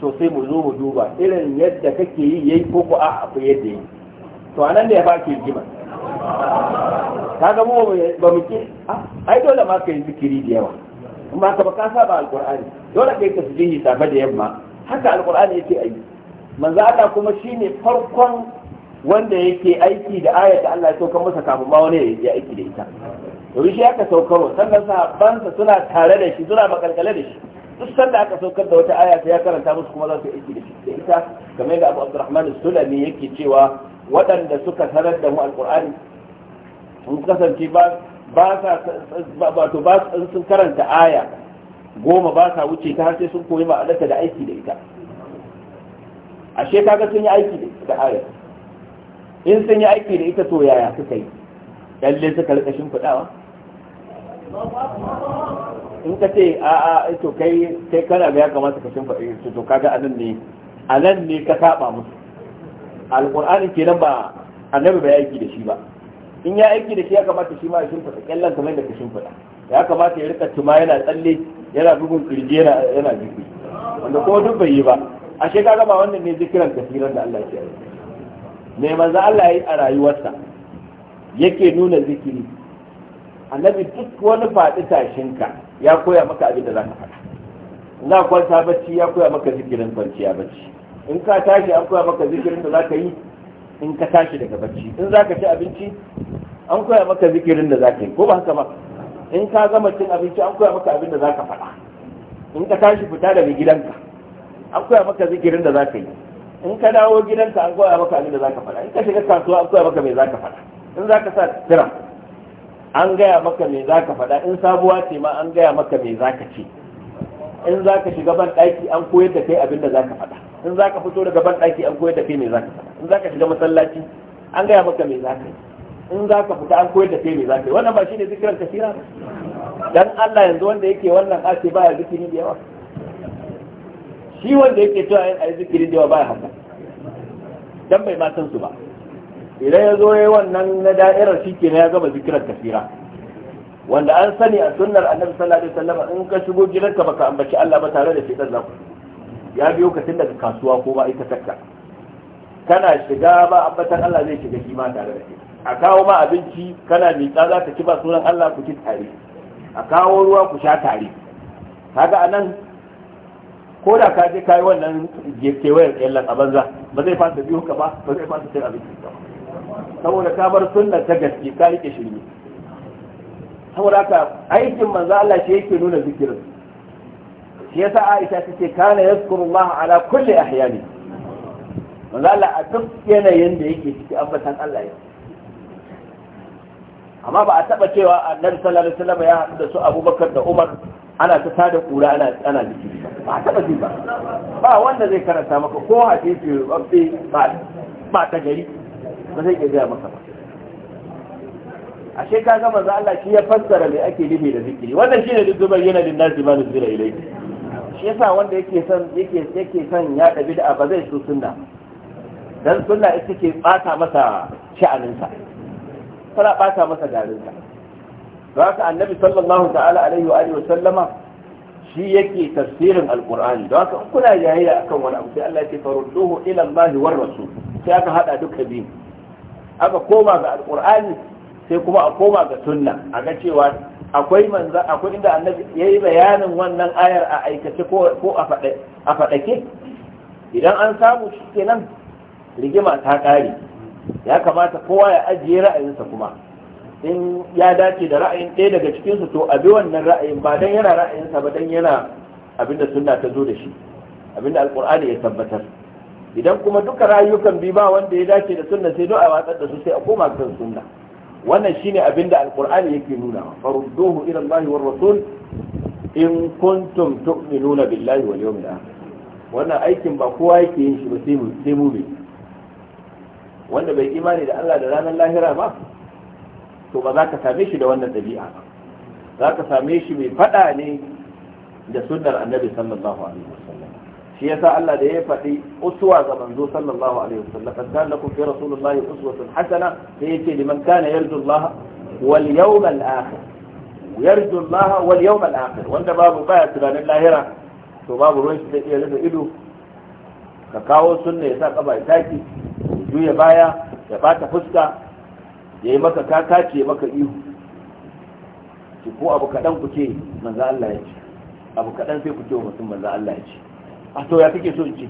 to sai mu zo mu duba irin yadda kake yi yayi ko ko a akwai yadda yi to anan da ya baki jima kaga mu ba mu ki ai dole ma kai zikiri da yawa amma ka ba ka saba alqur'ani dole kai ka sujuhi safe da yamma haka alqur'ani yake ayi manzo Allah kuma shine farkon wanda yake aiki da ayatu Allah ya saukar masa kafin ma wani ya aiki da ita to shi aka saukarwa sannan sa bansa suna tare da shi suna makalkale da shi duk sanda aka saukar da wata aya ta ya karanta musu kuma za su aiki da ita kamar yadda Abu Abdurrahman Sulami yake cewa waɗanda suka sanar da mu alqur'ani sun kasance ba ba sa ba sun karanta aya goma ba sa wuce ta har sai sun koyi ma'anarta da aiki da ita ashe kaga sun yi aiki da aya in sun yi aiki da ita to yaya suka yi lalle suka rika shimfiɗawa in ka ce a a to kai kai kana ga ya kamata ka shimfa su to kaga anan ne anan ne ka saba musu alqur'ani kenan ba annabi bai aiki da shi ba in ya aiki da shi ya kamata shi ma ya shimfa kallan kamar da ka shimfa ya kamata ya rika tuma yana tsalle yana bugun kirje yana yana jiki wanda ko duk bai yi ba ashe ka ba wannan ne zikiran kasiran da Allah ya yi me manzo Allah ya yi a rayuwarsa yake nuna zikiri annabi duk wani faɗi tashinka ya koya maka abin da za ka faɗa za kwanta bacci ya koya maka zikirin kwanciya bacci in ka tashi an koya maka zikirin da za ka yi in ka tashi daga bacci in za ka ci abinci an koya maka zikirin da za ka yi ko ba haka ba in ka gama cin abinci an koya maka abin da za ka faɗa in ka tashi fita daga gidanka an koya maka zikirin da za ka yi in ka dawo gidanka an koya maka abin da za ka faɗa in ka shiga kasuwa an koya maka mai za ka faɗa in za ka sa tira an gaya maka me za ka faɗa in sabuwa ce ma an gaya maka me za ka ce in za ka shiga ban ɗaki an koyar da kai abin da za ka faɗa in za ka fito daga ban ɗaki an koyar da kai me za ka faɗa in za ka shiga masallaci an gaya maka me za ka yi in za ka fita an koyar da kai me za ka yi wannan ba shi ne zikiran kasira ba dan Allah yanzu wanda yake wannan ake baya zikiri da yawa shi wanda yake cewa ayi zikiri da yawa baya haka dan bai ma san su ba idan ya zo yayi wannan na da'irar shi kenan ya gama zikirar kasira wanda an sani a sunnar annabi sallallahu alaihi wasallam in ka shigo gidanka baka ambaci Allah ba tare da dan zaku ya biyo ka tun daga kasuwa ko ba ita takka kana shiga ba ambatan Allah zai shiga shi ma tare da kai a kawo ma abinci kana miƙa za ka ci ba sunan Allah ku ci tare a kawo ruwa ku sha tare kaga anan ko da ka je kai wannan wayar yallan a banza ba zai fasa biyo ka ba ba zai fasa cin abinci ba saboda ka bar sunna ta gaske ka rike shirme saboda ka aikin manzo Allah shi yake nuna zikirin shi yasa Aisha tace kana yazkurullah ala kulli ahyani manzo Allah a duk yanayin da yake ciki ambatan Allah ya amma ba a taba cewa annabi sallallahu alaihi wasallam ya hadu da su Abubakar da Umar ana ta tada kura ana ana zikiri ba a taba ji ba ba wanda zai karanta maka ko hadisi ba ba ta gari ba zai iya gaya masa ba ashe ka gama za Allah shi ya fassara me ake nufi da zikiri wannan shine duk zubar yana din nasi ba zikira ilai shi yasa wanda yake son yake yake son ya dabi da ba zai so sunna dan sunna ita ke bata masa sha'aninsa tana bata masa garinsa Da haka annabi sallallahu ta'ala alaihi wa alihi wa sallama shi yake tafsirin alqur'ani don haka in kuna jahiliya akan wani abu sai Allah ya ce farudduhu ila Allah war rasul sai aka hada duka biyu aka koma ga alkur'ani sai kuma a koma ga sunna a ga cewa akwai manza akwai inda annabi ya yi bayanin wannan ayar a aikace ko a faɗake idan an samu shi kenan rigima ta ƙare ya kamata kowa ya ajiye ra'ayinsa kuma in ya dace da ra'ayin ɗaya daga cikinsu to a bi wannan ra'ayin ba don yana ra'ayinsa ba dan yana abinda sunna ta zo da shi abinda alƙur'ani ya tabbatar idan kuma duka rayukan bi ba wanda ya dace da sunna sai don a watsar da su sai a koma kan sunna wannan shine abinda alqur'ani yake nuna farudduhu ila Allah war rasul in kuntum tu'minuna billahi wal yawmil akhir wannan aikin ba kowa yake yin shi ba sai mu sai mu bi wanda bai imani da Allah da ranar lahira ba to ba za ka same shi da wannan dabi'a ba za ka same shi mai fada ne da sunnar annabi sallallahu alaihi wasallam shi yasa Allah da ya faɗi uswa ga manzo sallallahu alaihi wasallam kan kana lakum fi rasulillahi uswatun hasana sai yace liman kana yarju Allah wal yawmal akhir yarju Allah wal yawmal akhir wanda babu baya tunanin lahira to babu ruwan shi da iya rufe ido ka kawo sunna ya sa kaba ya taki juya baya ya bata fuska ya yi maka kakace maka ihu ki ko abu kaɗan ku ce manzo Allah ya ce abu kaɗan sai ku ce mutum manzo Allah ya ce a to ya kake so in ce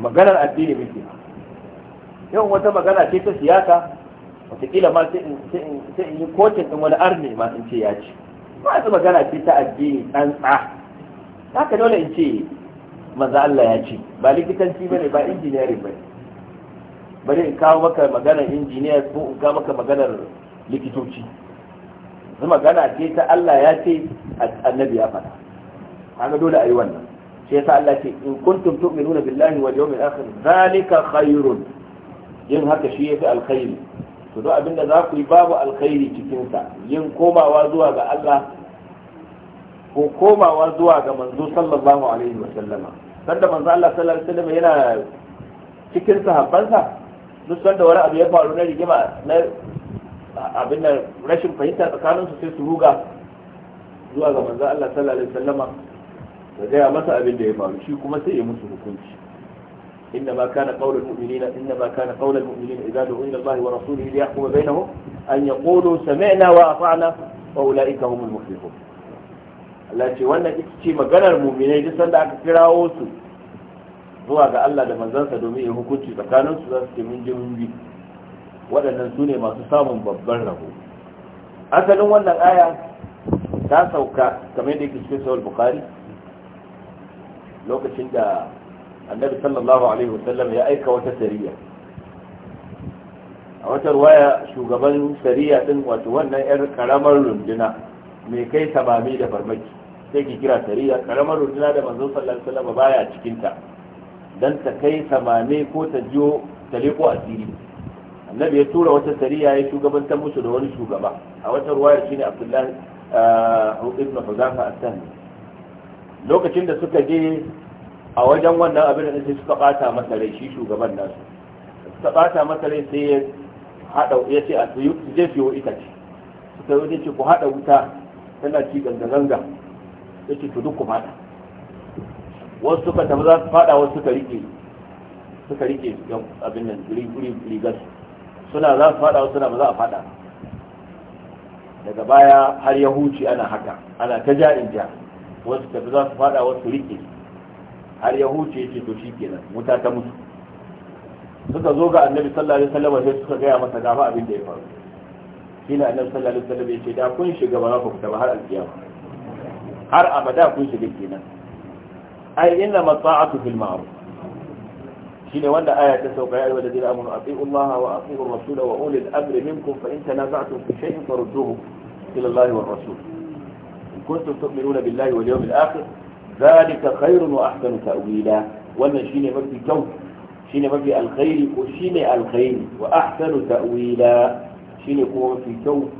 maganar addini muke yau wata magana ce ta siyasa watakila ma sai in yi kocin ɗin wani arni ma in ce ya ce ba su magana ce ta addini tsa, haka dole in ce manzo Allah ya ce ba likitanci bane ba injiniyarin bane bari in kawo maka maganar injiniyar ko in kawo maka maganar likitoci su magana ce ta Allah ya ce annabi ya faɗa haka dole a yi wannan sai ta Allah ce in kuntum tu'minuna billahi wal yawmil akhir zalika khairun yin haka shi yafi alkhairi to duk abinda za ku yi babu alkhairi cikin sa yin komawa zuwa ga Allah ko komawa zuwa ga manzo sallallahu alaihi wa sallama sanda manzo Allah sallallahu alaihi wa sallama yana cikin sahabbansa duk sanda wani abu ya faru na rigima na abin da rashin fahimta tsakaninsu sai su ruga zuwa ga manzo Allah sallallahu alaihi wa sallama ka gaya masa abin da ya faru shi kuma sai ya musu hukunci inna ma kana qaulul mu'minina inna ma kana qaulul mu'minina idza du'u ila Allah wa rasulihi li yahkuma bainahum an yaqulu sami'na wa ata'na wa ulaika humul muflihun Allah ce wannan ita ce maganar mu'minai duk sanda aka kirawo su zuwa ga Allah da manzansa domin ya hukunci tsakanin su za ce mun je mun bi waɗannan su ne masu samun babban rago. asalin wannan aya ta sauka kamar yadda yake cikin sahih lokacin da annabi sallallahu alaihi wasallam ya aika wata sariya a wata ruwaya shugaban sariya din wato wannan yar karamar runduna mai kai samami da farmaki sai ki kira sariya karamar runduna da manzon sallallahu alaihi wasallam baya cikin ta dan ta kai samame ko ta jiyo ta leko asiri annabi ya tura wata sariya ya shugabantar musu da wani shugaba a wata ruwaya shine abdullahi ah, ibn huzafa as-sahmi lokacin da suka je a wajen wannan abin da sai suka bata masa rai shi shugaban nasu suka bata masa rai sai ya hada ya ce a su je su itace suka yi ce ku hada wuta tana ci ganga-ganga ya ce tudu ku fada wasu suka tafi za su fada wasu suka rike suka rike abin nan rigar suna za su fada wasu suna ba za a fada daga baya har ya huce ana haka ana ta ja'in ja'in wasu tafi za su fada wasu rike har ya huce ya ce to shi kenan wuta ta mutu suka zo ga annabi sallallahu alaihi wasallam sai suka gaya masa gaba abin da ya faru shi ne annabi sallallahu alaihi wasallam ya ce da kun shiga ba ku fita ba har alkiyama har abada kun shiga kenan ai inna mata'atu fil ma'ruf shine wanda aya ta sauka ya ayyuhal ladina amanu atiiu Allah wa atiiu ar-rasul wa ulil amri minkum fa in tanaza'tum fi shay'in farudduhu ila Allah war rasul كنتم تؤمنون بالله واليوم الآخر ذلك خير وأحسن تأويلا ومن شين في كون شين في الخير وشين الخير وأحسن تأويلا شين يكون في كون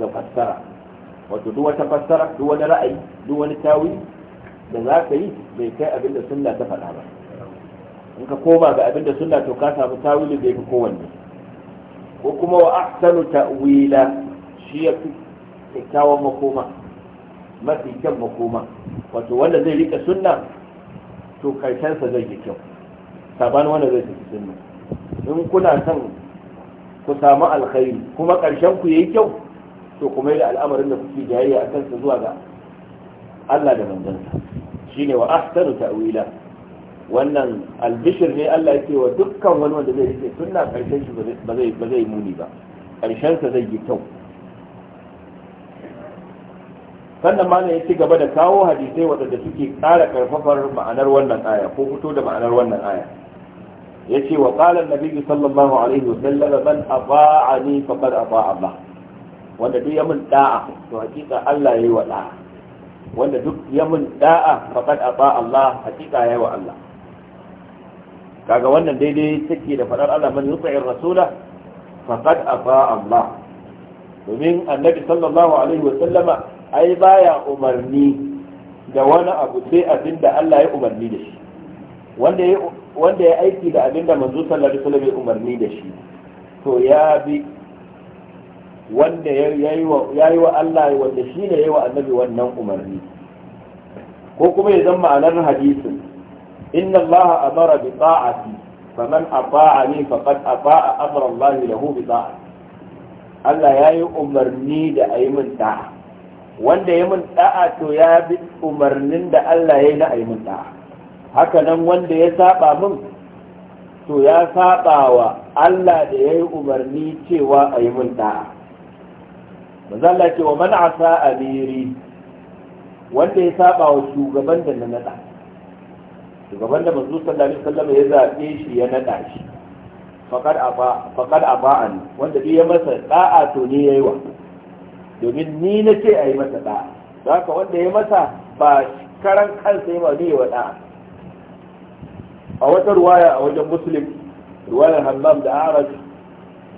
تفسر وتدوى تفسر دوى رأي دوى التاويل لذلك يجب من كاء السنه تفعل هذا إنك قوما السنه سنة تكاسى متاويل بيك قوة وكما وأحسن تأويلا شيء kyakkyawan makoma mafi kyan makoma wato wanda zai rika sunna to karshensa zai yi kyau sabanin wanda zai tafi sunna in kuna son ku samu alkhairi kuma karshen ku yi kyau to kuma yi al'amarin da kuke jayayya a kansa zuwa ga Allah da manzansa shine wa ahsanu ta'wila wannan albishir ne Allah yake wa dukkan wani wanda zai rike sunna karshen shi ba zai ba zai muni ba karshen sa zai yi kyau sannan malam ya ci gaba da kawo hadisai waɗanda suke ƙara karfafar ma'anar wannan aya ko fito da ma'anar wannan aya ya ce wa ƙalar nabi sallallahu alaihi wasallam man aba'ani a aba'a ba wanda duk ya mun da'a to hakika Allah ya yi wa da'a wanda duk ya mun da'a a aba'a Allah hakika ya yi wa Allah kaga wannan daidai take da faɗar Allah man yuti'ir rasula a aba'a Allah domin annabi sallallahu alaihi wa sallama. ai baya umarni da wani abu sai abin da Allah ya umarni da shi wanda ya aiki da abin da manzo sallallahu alaihi ya umarni da shi to ya bi wanda ya yi wa Allah wanda shi ne ya yi wa annabi wannan umarni ko kuma ya zama ma'anar hadisin inna Allah amara bi ta'ati faman ata'ani faqad ata'a amra Allah lahu bi ta'ati Allah ya yi umarni da ayi min ta'a wanda ya mun da'a to ya bi umarnin da Allah ya yi na a yi mun da'a haka nan wanda ya saba mun to ya saba wa Allah da ya yi umarni cewa a yi mun da'a mazalla ce wa man asa amiri wanda ya saba wa shugaban da na nada shugaban da manzo sallallahu alaihi wasallam ya zabe shi ya nada shi fakar aba faqad aba'an wanda duk ya masa da'a to ne yayi wa domin ni na ce a yi masa da ka wanda ya masa ba karan kansa ya mani wa da a wata ruwaya a wajen muslim ruwayar hammam da araj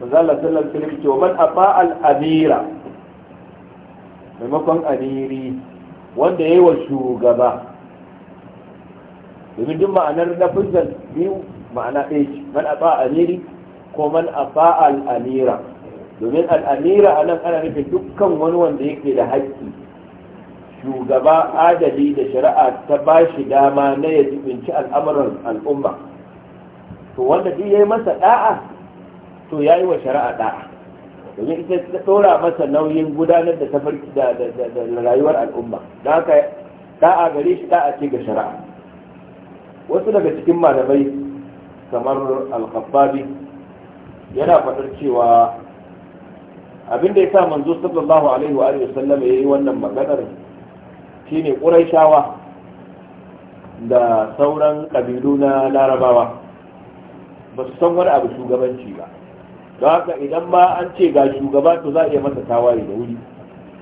manzala sallar alaihi ce wa man a al amira maimakon amiri wanda ya yi wa shugaba domin duk ma'anar na fuzzan biyu ma'ana ɗaya ce man afa amiri ko man a al amira domin al'amira a nan ana nufin dukkan wani wanda yake da haƙƙi shugaba adali da shari'a ta ba shi dama na ya jibinci al'amuran al'umma to wanda duk ya yi masa ɗa'a to ya yi wa shari'a ɗa'a domin ita ta ɗora masa nauyin gudanar da tafarki da rayuwar al'umma don haka ɗa'a gare shi ɗa'a ce ga shari'a wasu daga cikin malamai kamar alkhabbabi yana faɗar cewa abin da ya sa manzo sallallahu alaihi wa alihi sallama yayi wannan maganar shine quraishawa da sauran kabilu na larabawa ba su san wani abu shugabanci ba don haka idan ba an ce ga shugaba to za a iya masa tawaye da wuri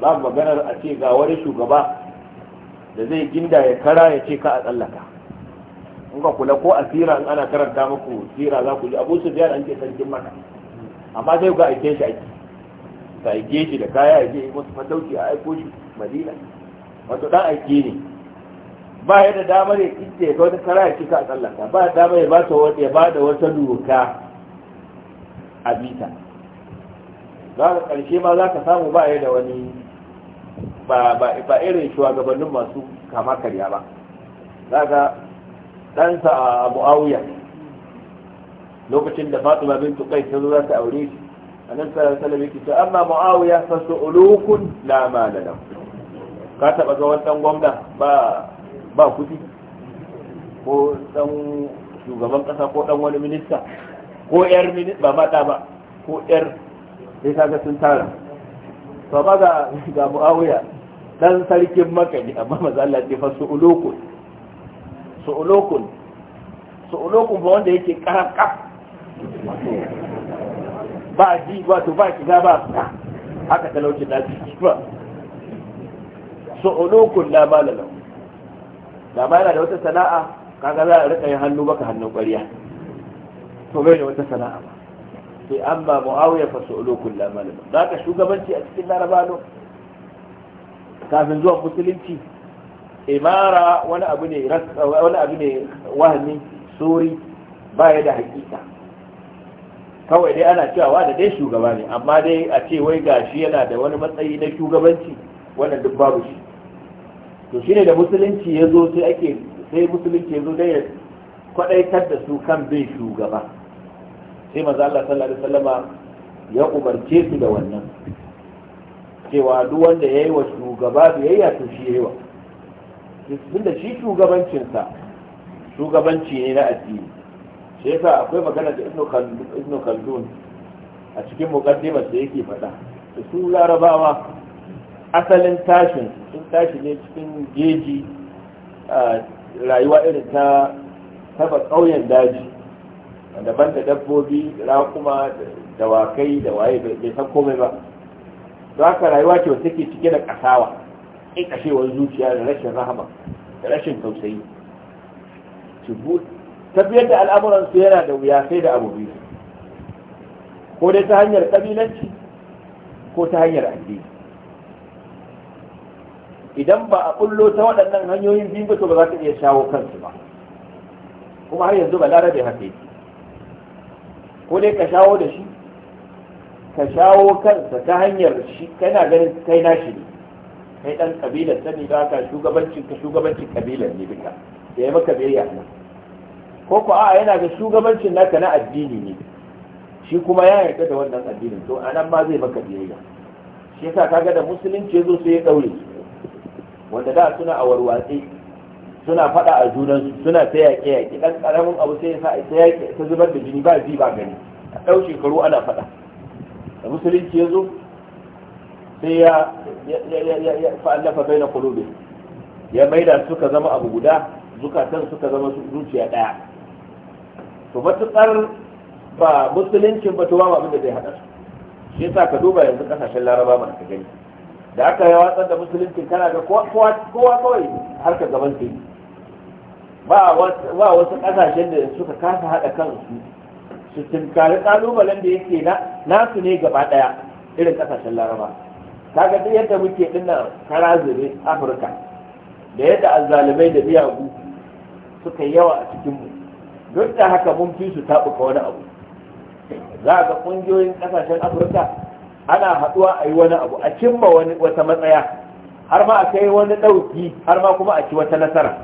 ba maganar a ce ga wani shugaba da zai ginda ya kara ya ce ka a tsallaka in ka kula ko asira in ana karanta muku sira za ku ji abu su an ce sarkin maka amma sai ga aike shi ake ta aike shi da kaya ya je musu fatauci a aiko shi madina wato dan aike ne ba ya da damar ya kinta ya ga wata kara ya cika a tsallaka ba ya damar ya ba ta wata ya ba da wata doka a bita za ka karshe ma za ka samu ba ya da wani ba irin shugabannin masu kama karya ba za ka ɗansa a abu auya lokacin da fatima bin tukai ta zo za ta aure shi annabi sallallahu alaihi wasallam yake amma muawiya fa su'ulukun la mala lahu ka taba ga wannan gwamna ba ba kudi ko dan shugaban kasa ko dan wani minista ko yar minista ba mata ba ko yar sai kaga sun tara to ba ga ga muawiya dan sarkin makka ne amma manzo Allah ya fa su'ulukun su'ulukun su'ulukun ba wanda yake karakaf ba ji wato ba shiga ba haka talaucin da shi ba su'unukun la mala lahu da ba yana da wata sana'a kaga za a rika yin hannu baka hannun ƙwarya to bai da wata sana'a ba sai amma mu'awiya fa su'ulukun la mala lahu da ka shugabanci a cikin no kafin zuwa musulunci imara wani abu ne wani abu ne wahani suri ba ya da hakika kawai dai ana cewa da dai shugaba ne amma dai a ce wai gashi yana da wani matsayi na shugabanci wannan duk babu shi to shine da musulunci ya zo sai ake sai musulunci ya zo dai ya kwadaitar da su kan bin shugaba sai maza Allah sallallahu alaihi wasallama ya umarce su da wannan cewa duk wanda ya yi wa shugaba biyayya to shi ya yi wa tunda shi shugabancinsa shugabanci ne na addini shi yasa akwai magana da ibn khaldun a cikin muqaddimar da yake faɗa da su larabawa asalin tashin sun tashi ne cikin geji rayuwa irin ta taba ƙauyen daji wanda da dabbobi raƙuma da wakai da waye bai san komai ba za haka rayuwa ce wata ke cike da ƙasawa ƙin zuciya da rashin rahama da rashin tausayi tafiyar da al'amuransu yana da wuya sai da abu biyu ko dai ta hanyar kabilanci ko ta hanyar addini idan ba a kullo ta waɗannan hanyoyin biyu ba to ba za ka iya shawo kansu ba kuma har yanzu ba larabe haka yake ko dai ka shawo da shi ka shawo kansa ta hanyar shi kana ganin kai nashi ne kai dan kabilar sani ba ka shugabancin ka shugabancin kabilar ne duka ya maka biyayya nan ko ko a'a yana ga shugabancin naka na addini ne shi kuma ya yarda da wannan addinin to anan ma zai maka biyayya shi yasa kaga da musulunci yazo sai ya daure wanda da suna a warwatsi suna fada a junan suna ta yaƙe yaƙe dan karamin abu sai ya ta yaƙe ta zubar da jini ba ji ba gani a ɗau shekaru ana fada da musulunci yazo sai ya ya fa'allafa baina qulubi ya maida suka zama abu guda zukatan suka zama zuciya daya to matuƙar ba musuluncin ba to ba abin da zai haɗa su shi yasa ka duba yanzu ƙasashen laraba ma ka gani da aka yi watsar da musuluncin kana ga kowa kawai harka gaban su ba wasu ƙasashen da suka kasa haɗa kansu su tunkari ƙalubalen da yake nasu ne gaba ɗaya irin ƙasashen laraba kaga duk yadda muke dinnan kara zube afirka da yadda azzalumai da biyagu suka yawa a cikinmu duk da haka mun fi su taɓuka wani abu za ga ƙungiyoyin ƙasashen afirka ana haɗuwa a yi wani abu a cimma wani wata matsaya har ma a kai wani ɗauki har ma kuma a ci wata nasara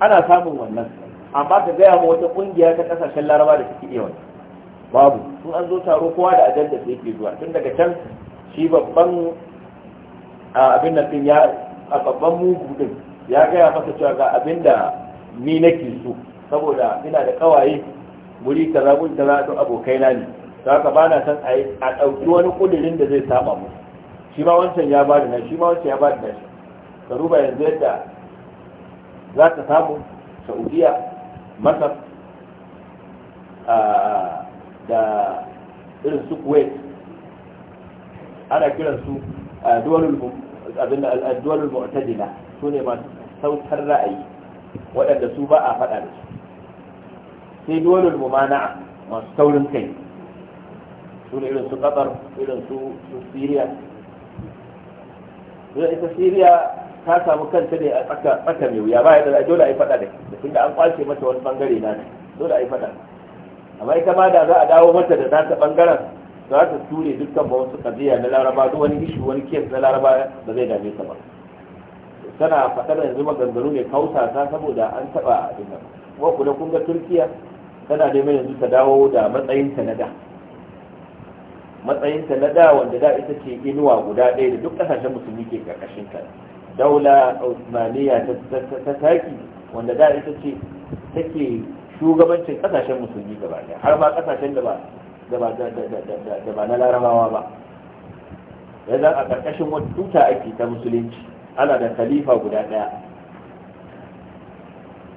ana samun wannan amma ka gaya ma wata ƙungiya ta ƙasashen laraba da suke iya babu sun an zo taro kowa da ajanda da yake zuwa tun daga can shi babban abin nan ɗin ya a babban mugu ɗin ya gaya masa cewa ga abin da ni nake so saboda ina da kawaye guri kaza gun kaza to abokai na ne saka ba na san a ɗauki wani kudirin da zai saba mu shi ma wancan ya ba da nan shi ma wancan ya ba da nan ka duba yanzu yadda za ta samu saudiya masar da irin su kuwait ana kiran su duwalul mu'tadila su ne masu sautar ra'ayi waɗanda su ba a faɗa da su sai mu mumana'a masu taurin kai su da irin su qatar irin su Siriya. don ita Siriya ta samu kanta ne a tsaka mai wuya baya da dole a yi fada da tunda an kwace mata wani bangare na ne. dole a yi fada amma ita ma da za a dawo mata da nata bangaren za ta ture dukkan ba wasu kabiya na laraba duk wani ishu wani kes na laraba ba zai dame ta ba tana faɗar yanzu maganganu ne kausa ta saboda an taɓa abin nan kuma kun ga turkiya tana neman yanzu ta dawo da matsayinta na da matsayinta na da wanda da ita ce inuwa guda ɗaya da duk ƙasashen musulmi ke ƙarƙashin ta daula osmaniya ta taki wanda da ita ce take shugabancin ƙasashen musulmi gaba ɗaya har ma ƙasashen da ba na larabawa ba yanzu a ƙarƙashin wata tuta ake ta musulunci ana da khalifa guda ɗaya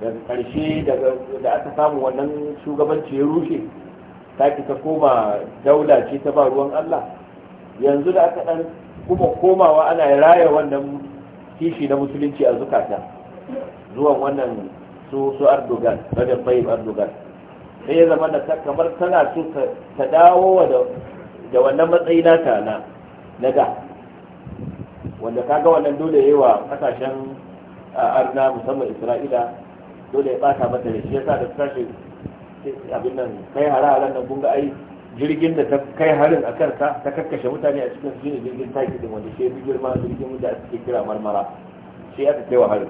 Da ƙarshe da aka samu wannan shugabanci ya rushe ta ta koma daula ce ta ba ruwan Allah yanzu da aka dan kuma komawa ana raya wannan kishi na musulunci a zukata Zuwa wannan su su Erdogan Rajab Tayyip Erdogan sai ya zama da kamar tana so ta dawo da wannan matsayi na ta na daga. da wanda kaga wannan dole yawa wa kasashen arna musamman Isra'ila dole ya bata mata da shi yasa da tashi abin nan kai hara a nan kun ga ai jirgin da ta kai harin a karta ta kakkashe mutane a cikin jini jirgin taki da wanda shi girma jirgin da ake kira marmara shi aka kai wa harin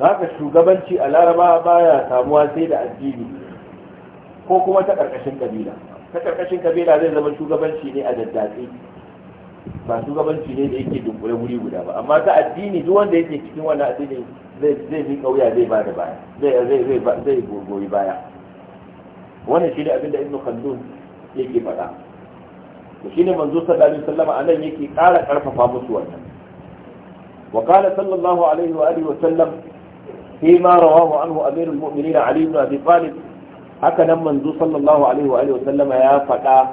haka shugabanci a laraba baya samuwa sai da addini ko kuma ta karkashin kabila ta karkashin kabila zai zama shugabanci ne a daddatsi ba shugabanci ne da yake dunkule wuri guda ba amma ta addini duk wanda yake cikin wannan addini zai zai bi kauya zai bada baya zai zai zai zai goyi baya wannan shine abin da ibnu Khaldun yake faɗa to shine manzo sallallahu alaihi wasallam anan yake ƙara ƙarfafa musu wannan wa qala sallallahu alaihi wa alihi wa sallam فيما رواه عنه أمير المؤمنين علي بن أبي طالب هكذا منذ صلى wa عليه وآله وسلم ya faɗa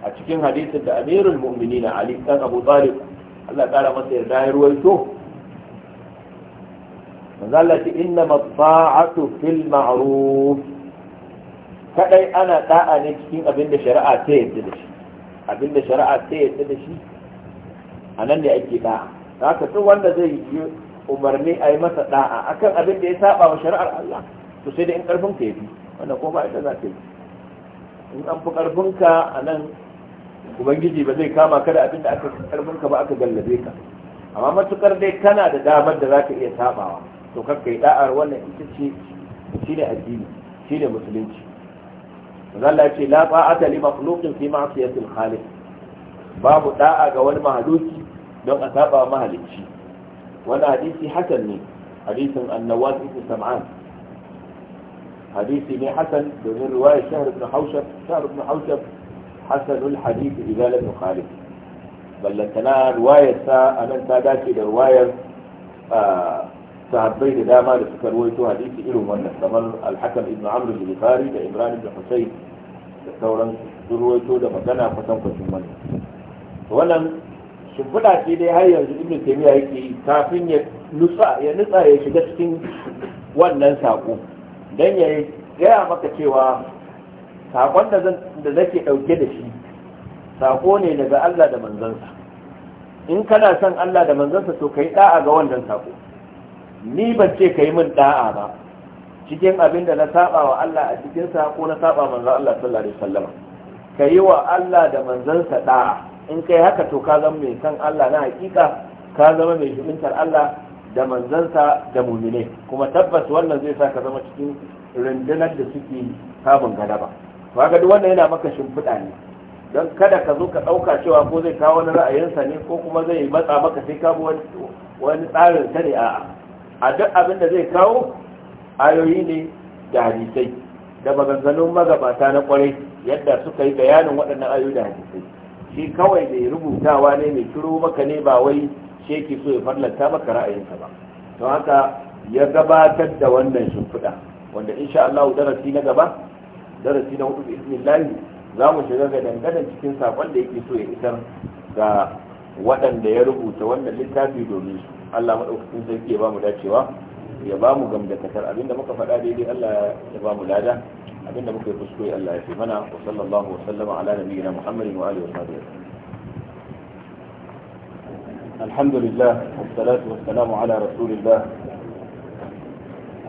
a cikin hadisin da amirul na ali dan abu talib Allah ƙara masa yarda ya ruwaito manzo Allah ce inna mata'atu fil ma'ruf kadai ana da'a ne cikin abin da shari'a ta yadda da shi abin da shari'a ta yadda da shi a nan ne ake da'a haka duk wanda zai yi umarni a yi masa da'a akan abin da ya saba wa shari'ar Allah to sai da in karfin ka yafi wannan ko ba ita za ta yi in an fi karfin ka a nan ubangiji ba zai kama ka da abin da aka karfin ka ba aka gallabe ka amma matukar dai kana da damar da zaka iya sabawa to kakka yi da'ar wannan ita ce shi ne addini shi ne musulunci Allah ce la ta'ata li makhluqin fi ma'siyatil khaliq babu da'a ga wani mahaluki don a saba mahalicci wani hadisi hasan ne hadisin annawas ibn sam'an hadisi ne hasan domin riwayar shahr ibn haushab shahr ibn haushab hasanul hadith idza lam yukhalif ballantana ruwayar sa anan ta dace da ruwayar sahabbai da dama da suka ruwaito hadisi irin wannan kamar al-hakam ibn amr al da ibrahim ibn husayn da sauran sun ruwaito da magana kusan kusan wannan wannan shimfiɗa ce dai har yanzu ibn taymiya yake kafin ya nutsa ya ya shiga cikin wannan sako dan ya gaya maka cewa saƙon da nake ɗauke da shi saƙo ne daga Allah da manzansa in kana son Allah da manzansa to ka yi ɗa'a ga wannan saƙo ni ban ce ka yi min ɗa'a ba cikin abin da na saba wa Allah a cikin ko na saba manzan Allah sallallahu alaihi wasallam ka yi wa Allah da manzansa ɗa'a in kai haka to ka zama mai san Allah na hakika ka zama mai shubintar Allah da manzansa da mumine kuma tabbas wannan zai sa ka zama cikin rundunar da suke kamun gadaba. ba kaga duk wannan yana maka shimfiɗa ne don kada ka zo ka ɗauka cewa ko zai kawo wani ra'ayinsa ne ko kuma zai matsa maka sai ka wani tsarin ta ne a'a a duk abin da zai kawo ayoyi ne da hadisai da maganganun magabata na kwarai yadda suka yi bayanin waɗannan ayoyi da hadisai shi kawai mai rubutawa ne mai turo maka ne ba wai shi so ya farlanta maka ra'ayinsa ba to haka ya gabatar da wannan shimfiɗa wanda insha Allah darasi na gaba darasi na hudu iznillahi za mu shiga ga dangadan cikin sakon da yake so ya isar ga waɗanda ya rubuta wannan littafi domin su Allah maɗaukakin sarki ya ba mu dacewa ya ba mu gamdakatar abinda muka faɗa daidai Allah ya ba mu lada abinda muka yi kuskure Allah ya fi mana wa sallallahu wa sallama ala nabiyyina Muhammadin wa alihi wa sahbihi alhamdulillah لله والصلاة والسلام على رسول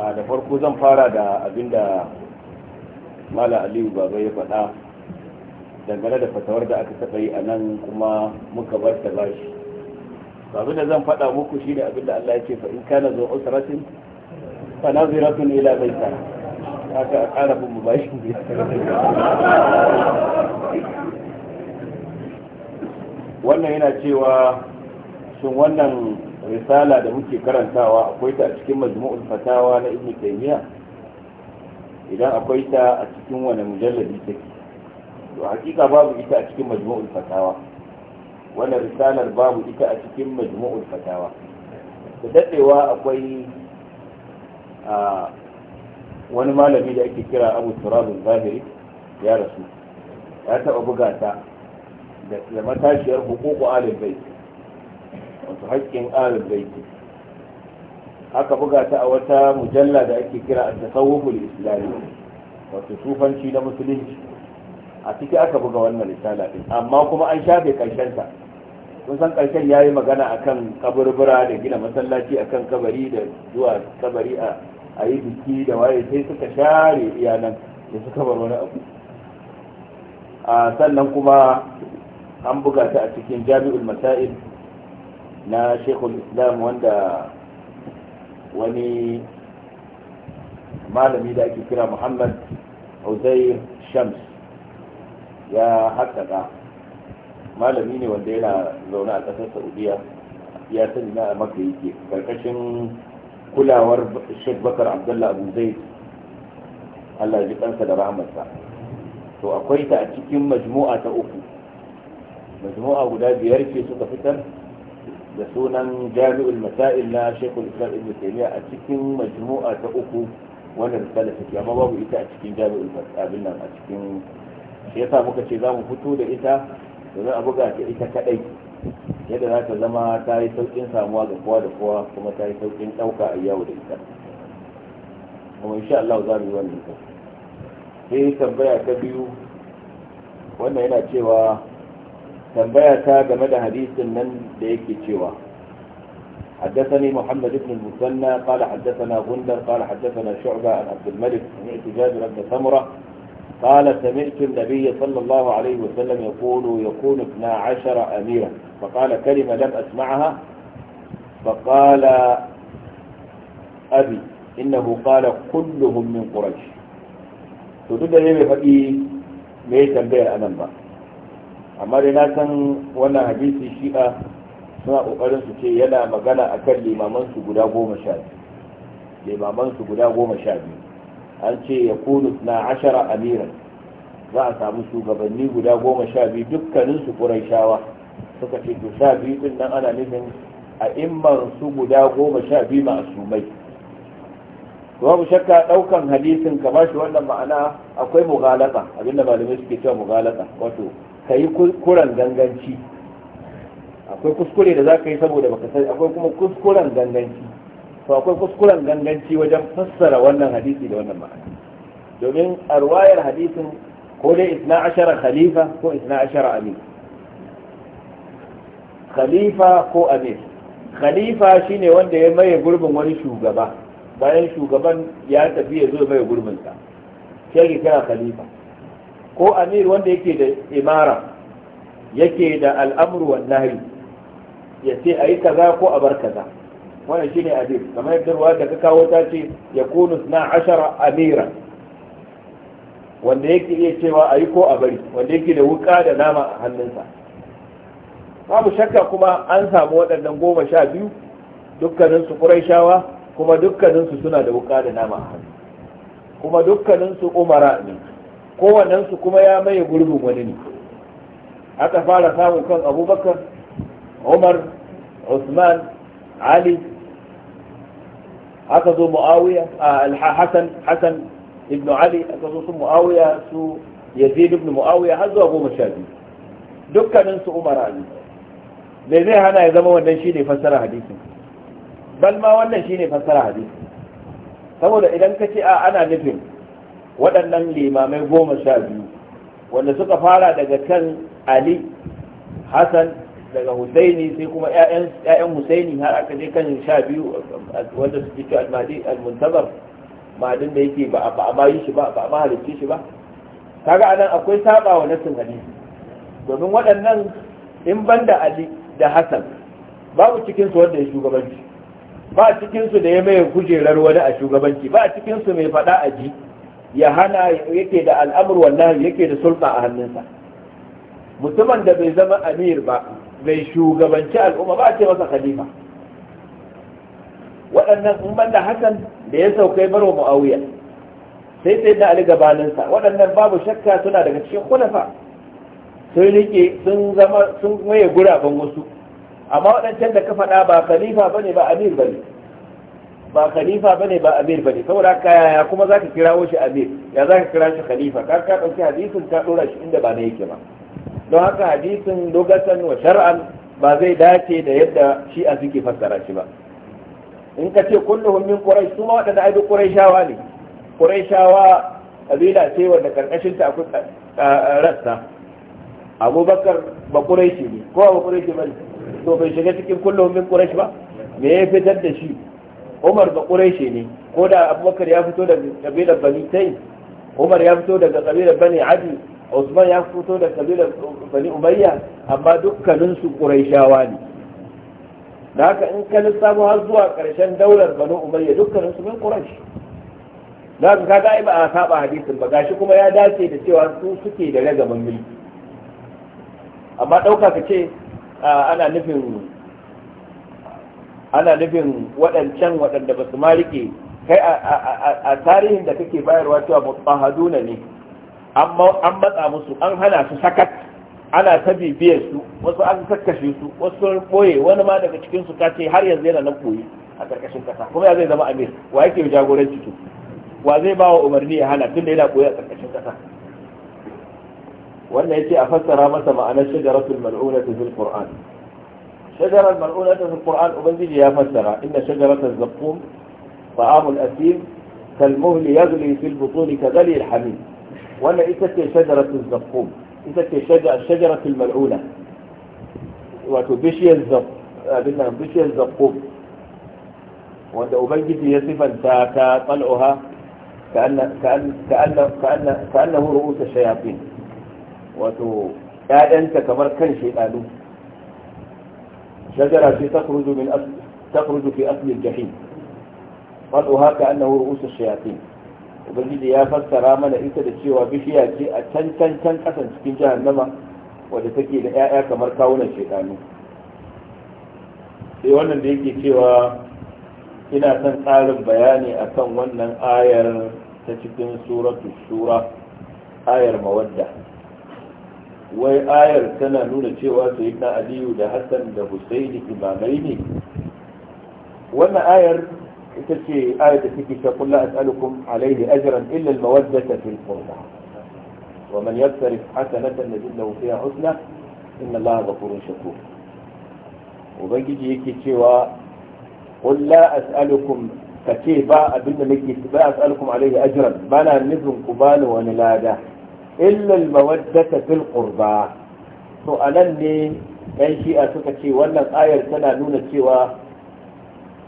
da farko zan fara da abinda mala aliyu baba ya faɗa dangane da fatawar da aka taɓa yi a nan kuma muka bar ta bashi abin da zan faɗa muku shi da abin da Allah ya ce fa in kana zo usratin fa naziratun ila baita haka a ƙara bin mubashin wannan yana cewa shin wannan risala da muke karantawa akwai ta a cikin majmu'ul fatawa na ibnu taymiyyah idan akwai ta a cikin wani mujalladi take to hakika babu ita a cikin majmu'ul fatawa wannan risalar babu ita a cikin majmu'ul fatawa da dadewa akwai a wani malami da ake kira Abu turabin Zahiri ya rasu ya taɓa buga ta da matashiyar hukuku alil wato haƙƙin alil bait aka buga ta a wata mujalla da ake kira a tasawuful islami wato sufanci na musulunci a ciki aka buga wannan risala din amma kuma an shafe ta kun san karshen ya yi magana akan kaburbura da gina masallaci akan kabari da zuwa kabari a yi biki da waye sai suka share iyalan da suka bar wani abu a sannan kuma an buga ta a cikin jami'ul masail na shekul islam wanda wani malami da ake kira muhammad uzair shams ya haƙaƙa malami ne wanda yana zaune a ƙasar saudiya ya sani na maka yake karkashin kulawar sheikh bakar abdullah abu zaid allah ji kansa da rahmarsa to akwai ta a cikin majmu'a ta uku majmu'a guda biyar ce suka fitar da sunan jami'ul masail na shekul islam ibn taymiya a cikin majmu'a ta uku wanda risala take amma babu ita a cikin jami'ul masail nan a cikin shi yasa muka ce zamu fito da ita domin a buga ta ita kadai yadda za ta zama ta yi saukin samuwa ga kowa da kowa kuma ta yi saukin ɗauka a yau da ita kuma insha Allah za mu yi wannan sai tambaya ta biyu wannan yana cewa tambaya ta game da hadisin nan da yake cewa حدثني محمد بن المثنى قال حدثنا غندر قال حدثنا شعبة عن عبد الملك سمعت جابر بن سمرة قال سمعت النبي صلى الله عليه وسلم يقول يكون اثنا عشر أميرا فقال كلمة لم أسمعها فقال أبي إنه قال كلهم من قريش تدد يمي فقيه ميتا بير أمام بقى amma dai na san wannan hadisi shi'a suna kokarin su ce yana magana akan limaman su guda goma sha biyu limaman su guda goma an ce ya kunu na ashara amiran za a samu shugabanni guda goma sha biyu dukkanin su shawa suka ce to sha biyu din nan ana nufin a imman su guda goma sha biyu babu shakka daukan hadisin kamar shi wannan ma'ana akwai mughalata abinda malamai suke cewa mughalata wato ka yi kuskuren ganganci akwai kuskure da za ka yi saboda baka sani akwai kuma kuskuren ganganci to akwai kuskuren ganganci wajen fassara wannan hadisi da wannan ma'ana domin a ruwayar hadisin ko dai isna ashara khalifa ko isna ashara amir khalifa ko amir khalifa shine wanda ya maye gurbin wani shugaba bayan shugaban ya tafi ya zo maye gurbinsa sai kira khalifa ko amir wanda yake da imara yake da al'amru wan nahyi ya ce yi kaza ko a bar kaza wannan shine amir kamar yadda ruwa da ka kawo ta ce ya kunu 12 amira wanda yake iya cewa yi ko a bari wanda yake da wuka da nama a hannunsa babu shakka kuma an samu waɗannan goma sha biyu dukkaninsu ƙuraishawa kuma dukkaninsu suna da wuka da nama a hannu kuma dukkaninsu umara ne kowannensu kuma ya maye gurbin wani ne aka fara samun kan abubakar umar usman ali aka zo mu'awiya hasan hasan ibn ali aka zo su mu'awiya su yazid ibn mu'awiya har zuwa goma sha biyu dukkanin su umar ali me zai hana ya zama wannan shi ne fassara hadisin bal ma wannan ne fassara hadisin saboda idan ka ce a ana nufin waɗannan limamai goma sha biyu wanda suka fara daga kan ali hassan daga husaini sai kuma 'ya'yan husaini har aka je kan sha biyu wanda su ci almadi almuntabar ma'adin da yake ba a ma yi shi ba ba a ma shi ba kaga anan akwai saba wa nassin hadisi domin waɗannan in ban da ali da hassan babu cikinsu wanda ya shugabanci ba cikinsu da ya mai kujerar wani a shugabanci ba cikinsu mai faɗa a ji ya hana yake da al'amur wallahi yake da sulta a hannunsa mutumin da bai zama amir ba bai shugabanci al'umma ba a ce masa khalifa waɗannan in da hakan da ya saukai baro mu'awiya sai sai na ali gabaninsa waɗannan babu shakka suna daga cikin kulafa sun rike sun zama sun maye guraben wasu amma waɗancan da ka faɗa ba khalifa bane ba amir bane ba khalifa bane ba amir bane saboda kaya ya kuma zaka kirawo shi amir ya zaka kira shi khalifa ka ka dauki hadisin ka dora shi inda ba na yake ba don haka hadisin lugatan wa shar'an ba zai dace da yadda shi a suke fassara shi ba in ka ce kulluhum min quraish kuma wadanda ai duk quraishawa ne quraishawa kabila ce wanda karkashin ta akwai rassa abubakar ba quraishi ne ko ba quraishi ba to bai shiga cikin kulluhum min quraish ba me ya fitar da shi umar ba ƙureshe ne ko da abubakar ya fito daga ƙabilar bani tai umar ya fito daga ƙabilar bani adi usman ya fito daga ƙabilar bani umayya amma dukkaninsu ƙureshawa ne da haka in ka lissafo har zuwa ƙarshen daular bani umayya dukkaninsu min ƙuresh da haka kaga ai ba a saba hadisin ba gashi kuma ya dace da cewa su suke da ragaman mulki amma ɗauka ka ce ana nufin ana nufin waɗancan waɗanda ba su ma rike kai a tarihin da kake bayarwa cewa mutahaduna ne an matsa musu an hana su sakat ana ta bibiyar su wasu an kakkashe su wasu sun koye wani ma daga cikin su kace har yanzu yana nan koyi a karkashin kasa kuma ya zai zama amir wa yake jagoranci to wa zai ba wa umarni ya hana tunda yana koyi a karkashin kasa wannan yace a fassara masa ma'anar shajaratul mal'una fil qur'an الشجرة الملعونة في القرآن أبنجي يا فسرة إن شجرة الزقوم طعام الأسيم كالمهل يغلي في البطون كغلي الحميد وأنا إتت شجرة الزقوم إتت شجرة الملعونة وتبشي الزقوم abin nan وأنت zakkum wanda ubangiji كأن كأن كأن كأنه رؤوس الشياطين ru'usa shayatin wato ƴaƴanta kamar kan شجرة تخرج من أصل تخرج في أصل الجحيم وضعها كأنه رؤوس الشياطين ubangiji ya fassara mana ita da cewa bishiya ce a can can can kasan cikin jahannama wadda take da 'ya'ya kamar kawunan shekaru sai wannan da yake cewa ina son tsarin bayani akan wannan ayar ta cikin suratu shura ayar mawadda wai ayar tana nuna cewa su na aliyu da hassan da husaini imamai ne wannan ayar ita ce ayar da suke ta kullu as'alukum alaihi ajran illa al-mawaddata fil qurba wa man yaqtarif hasanatan najid lahu fiha husna inna allaha ghafurun shakur ubangiji yake cewa qul la ka ce ba abinda nake ba as'alukum alaihi ba na nufin ku bani wani lada illal mawaddata fil qurba to anan ne yan shi'a suka ce wannan ayar tana nuna cewa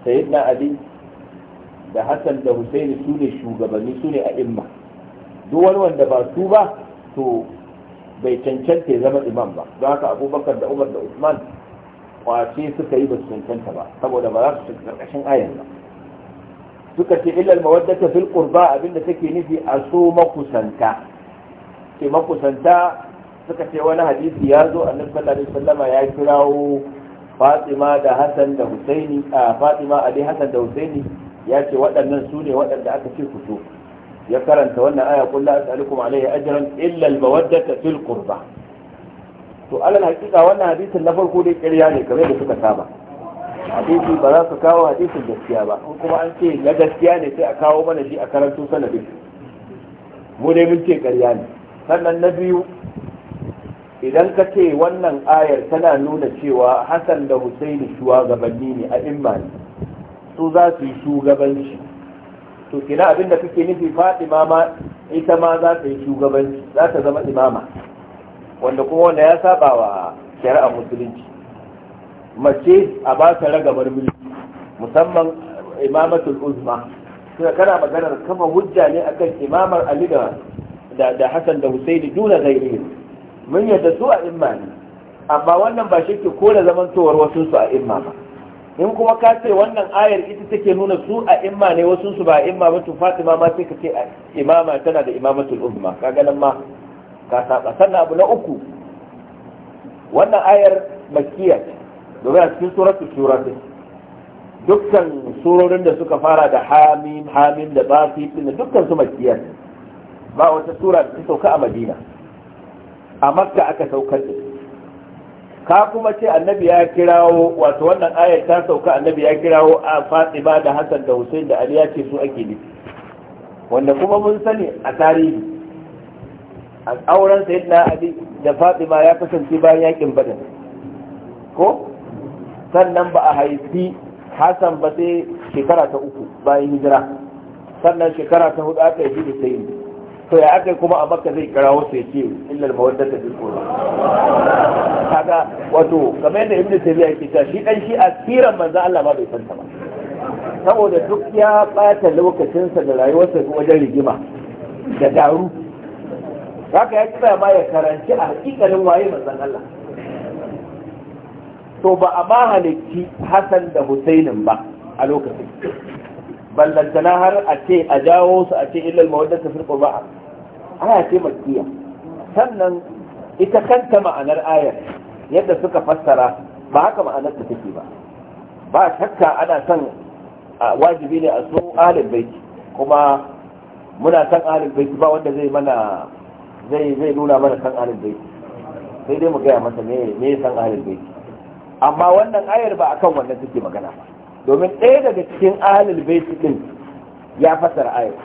sayyidina ali da hassan da husaini su ne shugabanni su ne a'imma duk wani wanda ba su ba to bai cancanta ya zama imam ba don haka abubakar da umar da usman kwace suka yi ba su cancanta ba saboda ba za su shiga karkashin ayar ba suka ce illal mawaddata fil qurba abinda take nufi a so makusanta ke makusanta suka ce wani hadisi ya zo annabi sallallahu alaihi wasallam ya kirawo Fatima da Hassan da Husaini a Fatima Ali Hassan da Husaini ya ce waɗannan su ne waɗanda aka ce ku so ya karanta wannan aya kullu as'alukum alaihi ajran illa al-mawaddata fil qurba to alal haqiqa wannan hadisin na farko dai ƙarya ne kamar da suka saba hadisi ba za su kawo hadisin gaskiya ba kuma an ce na gaskiya ne sai a kawo mana shi a karanto sanadin mu dai mun ce ƙarya ne sannan na biyu idan ka ce wannan ayar tana nuna cewa hassan da husaini shugabanni ne a imani su za su yi shugabanci to kina abin da kake nufi fadima ma ita ma za ta yi shugabanci za ta zama imama wanda kuma wanda ya saba wa shari'a musulunci mace a ba ta ragamar mulki musamman imamatul uzma kana maganar kama hujja ne akan imamar ali da da Hassan da Husaini duna ghairihi mun yadda su a imma ne amma wannan ba shi ke kore zamantowar wasu su a imma ba in kuma ka ce wannan ayar ita take nuna su a imma ne wasu su ba a imma ba to Fatima ma sai ka ce imama tana da imamatul umma kaga nan ma ka saba sannan abu na uku wannan ayar makkiya ce domin a cikin suratul shura dukkan surorin da suka fara da hamim hamim da yi, dukkan su makkiya ne ba wata tura da ta sauka a madina a makka aka saukar da ka kuma ce annabi ya kirawo wato wannan ayar ta sauka annabi ya kirawo a fatima da hassan da hussein da ali ya ce su ake nufi wanda kuma mun sani a tarihi a auren sayyidina ali da fatima ya kasance bayan yakin badar ko sannan ba a haifi hassan ba sai shekara ta uku bayan hijira sannan shekara ta hudu aka yi da sayyidina to ya aka kuma a makka zai kira sai ce illal mawaddata bil qur'an kaga wato kamar yadda ibnu tabiya yake cewa shi dan shi asiran manzo Allah ba bai san ta ba saboda duk ya bata lokacin sa da rayuwarsa wajen rigima da daru haka ya tsaya ma ya karanci a hakikalin waye manzon Allah to ba a ma halicci Hassan da Husainin ba a lokacin ballantana har a ce a jawo su a ce illal mawaddata fil qur'an aya ce makiya sannan ita kanta ma'anar ayar yadda suka fassara ba haka ma'anar ta take ba ba shakka ana son wajibi ne a so ahlul baiti kuma muna san ahlul baiti ba wanda zai mana zai zai nuna mana san ahlul baiti sai dai mu gaya masa me me san ahlul baiti amma wannan ayar ba akan wannan take magana ba domin ɗaya daga cikin ahlul baiti din ya fassara ayar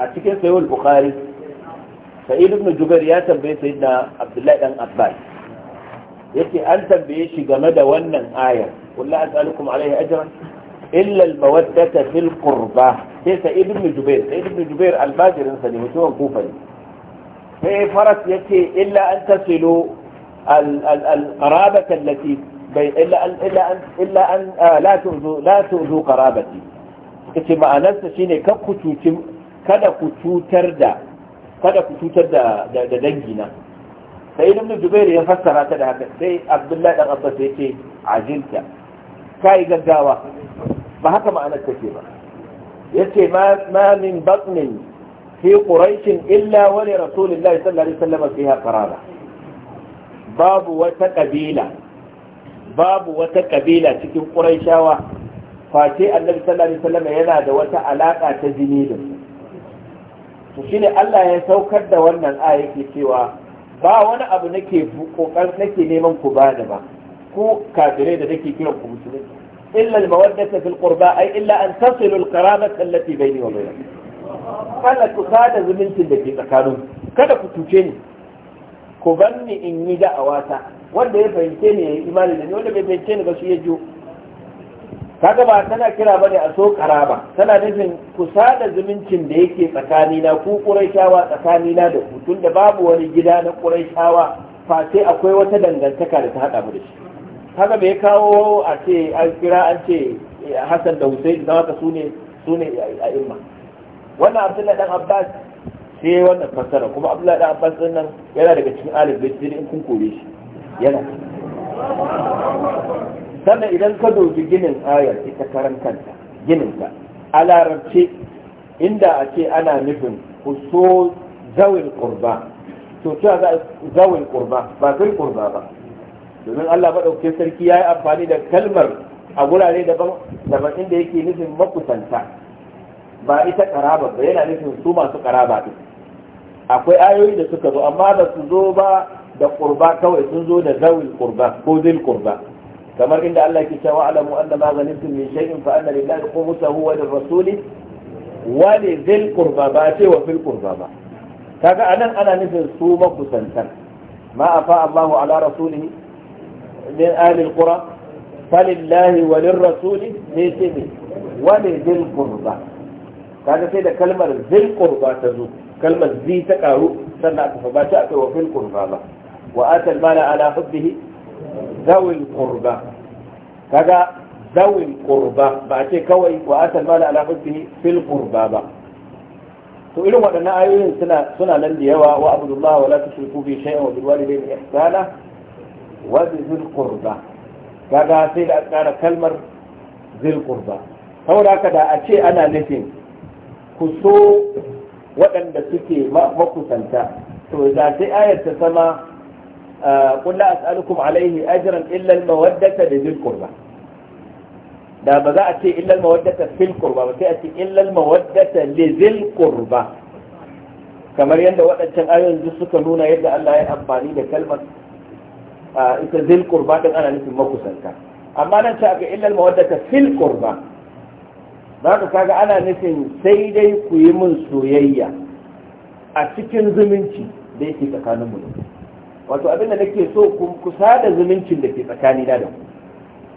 a cikin sayyid bukhari sa'id ibn jubair ya tambaye sayyidina abdullahi dan abbas yace an tambaye shi game da wannan ayar kullu as'alukum alayhi ajran illa al-mawaddata fil qurba sai sa'id ibn jubair sa'id ibn jubair al-bajirin sa ne mutumin kufa ne sai faras yace illa an tasilu al-qarabata allati bai illa an illa an illa an la tu'zu la tu'zu qarabati kace ma'anarsa shine kada ku cutar da kada ku cutar da da dangi na sai ibn jubair ya fassara ta da haka sai abdullahi dan abbas ya ce ajilta kai gaggawa ba haka ma'anar take ba yace ma ma min batnin fi quraish illa wa li rasulillahi sallallahu alaihi wasallam fiha qarara babu wata kabila babu wata kabila cikin quraishawa face annabi sallallahu alaihi wasallam yana da wata alaka ta jini da su to shine Allah ya saukar da wannan aya ke cewa ba wani abu nake kokar nake neman ku bani ba ku kafirai da nake kiran ku musulmi illa al-mawaddata fil qurba ay illa an tasilu al-qarabat allati bayni wa bainakum kada ku sada zumuncin da ke tsakanin kada ku tuce ni ku banni in yi da'awata wanda ya fahimce ni ya yi imani da ni wanda bai fahimce ni ba su ya jiyo kaga ba tana kira bane a so karaba tana nufin kusa da zumuncin da yake tsakani na ku quraishawa tsakani na da ku tunda babu wani gida na quraishawa fa sai akwai wata dangantaka da ta hada mu da shi kaga bai kawo a ce an kira an ce eh, Hassan da Hussein da haka sune sune a imma wannan Abdullahi dan Abbas sai wannan fassara kuma Abdullahi dan Abbas din nan yana daga cikin alif bai in kun kore shi yana sannan idan ka doji ginin ayar ita karan kanta gininta a inda a ce ana nufin so zawin kurba to cewa za zawin kurba ba zai kurba ba domin Allah maɗauke sarki ya yi amfani da kalmar a gurare daban inda yake nufin makusanta ba ita karaba ba yana nufin su masu karaba ɗin akwai ayoyi da suka zo amma ba su zo ba da kurba kawai sun zo da zawin kurba ko zil kurba كما عند الله كتاب واعلموا ان ما غنمتم من شيء فان لله خمسه وللرسول ولذي القربى وفي القربى ما كاكا انا انا نزل صوم كسنتر ما افاء الله على رسوله من لاهل القرى فلله وللرسول ليتم ولذي القربى كاكا سيدا كلمه ذي القربى تزول كلمه ذي تكارو سنة فباتي وفي القربى واتى المال على حبه ذوي القربى kaga zawin kurba ba a ce kawai wa asal mala ala hubbihi fil kurba ba to irin waɗannan ayoyin suna suna nan da yawa wa abdullahi wa la tushriku bi shay'in wa bil walidayni ihsana wa zil kurba kaga sai da tsara kalmar zil qurba saboda haka da a ce ana nufin ku so waɗanda suke makusanta to da sai ayar ta sama qul la as'alukum alayhi ajran illa al-mawaddata bi dhil qurba da ba za a ce illa al-mawaddata fil qurba ba sai a ce illa al-mawaddata li dhil qurba kamar yadda waɗancan ayoyin duk suka nuna yadda Allah ya amfani da kalmar ita dhil qurba din ana nufin makusanta amma nan ta ga illa al-mawaddata fil qurba za ka kaga ana nufin sai dai ku yi min soyayya a cikin zumunci da yake tsakanin mu wato abin da nake so ku sada zumuncin da ke tsakani na da ku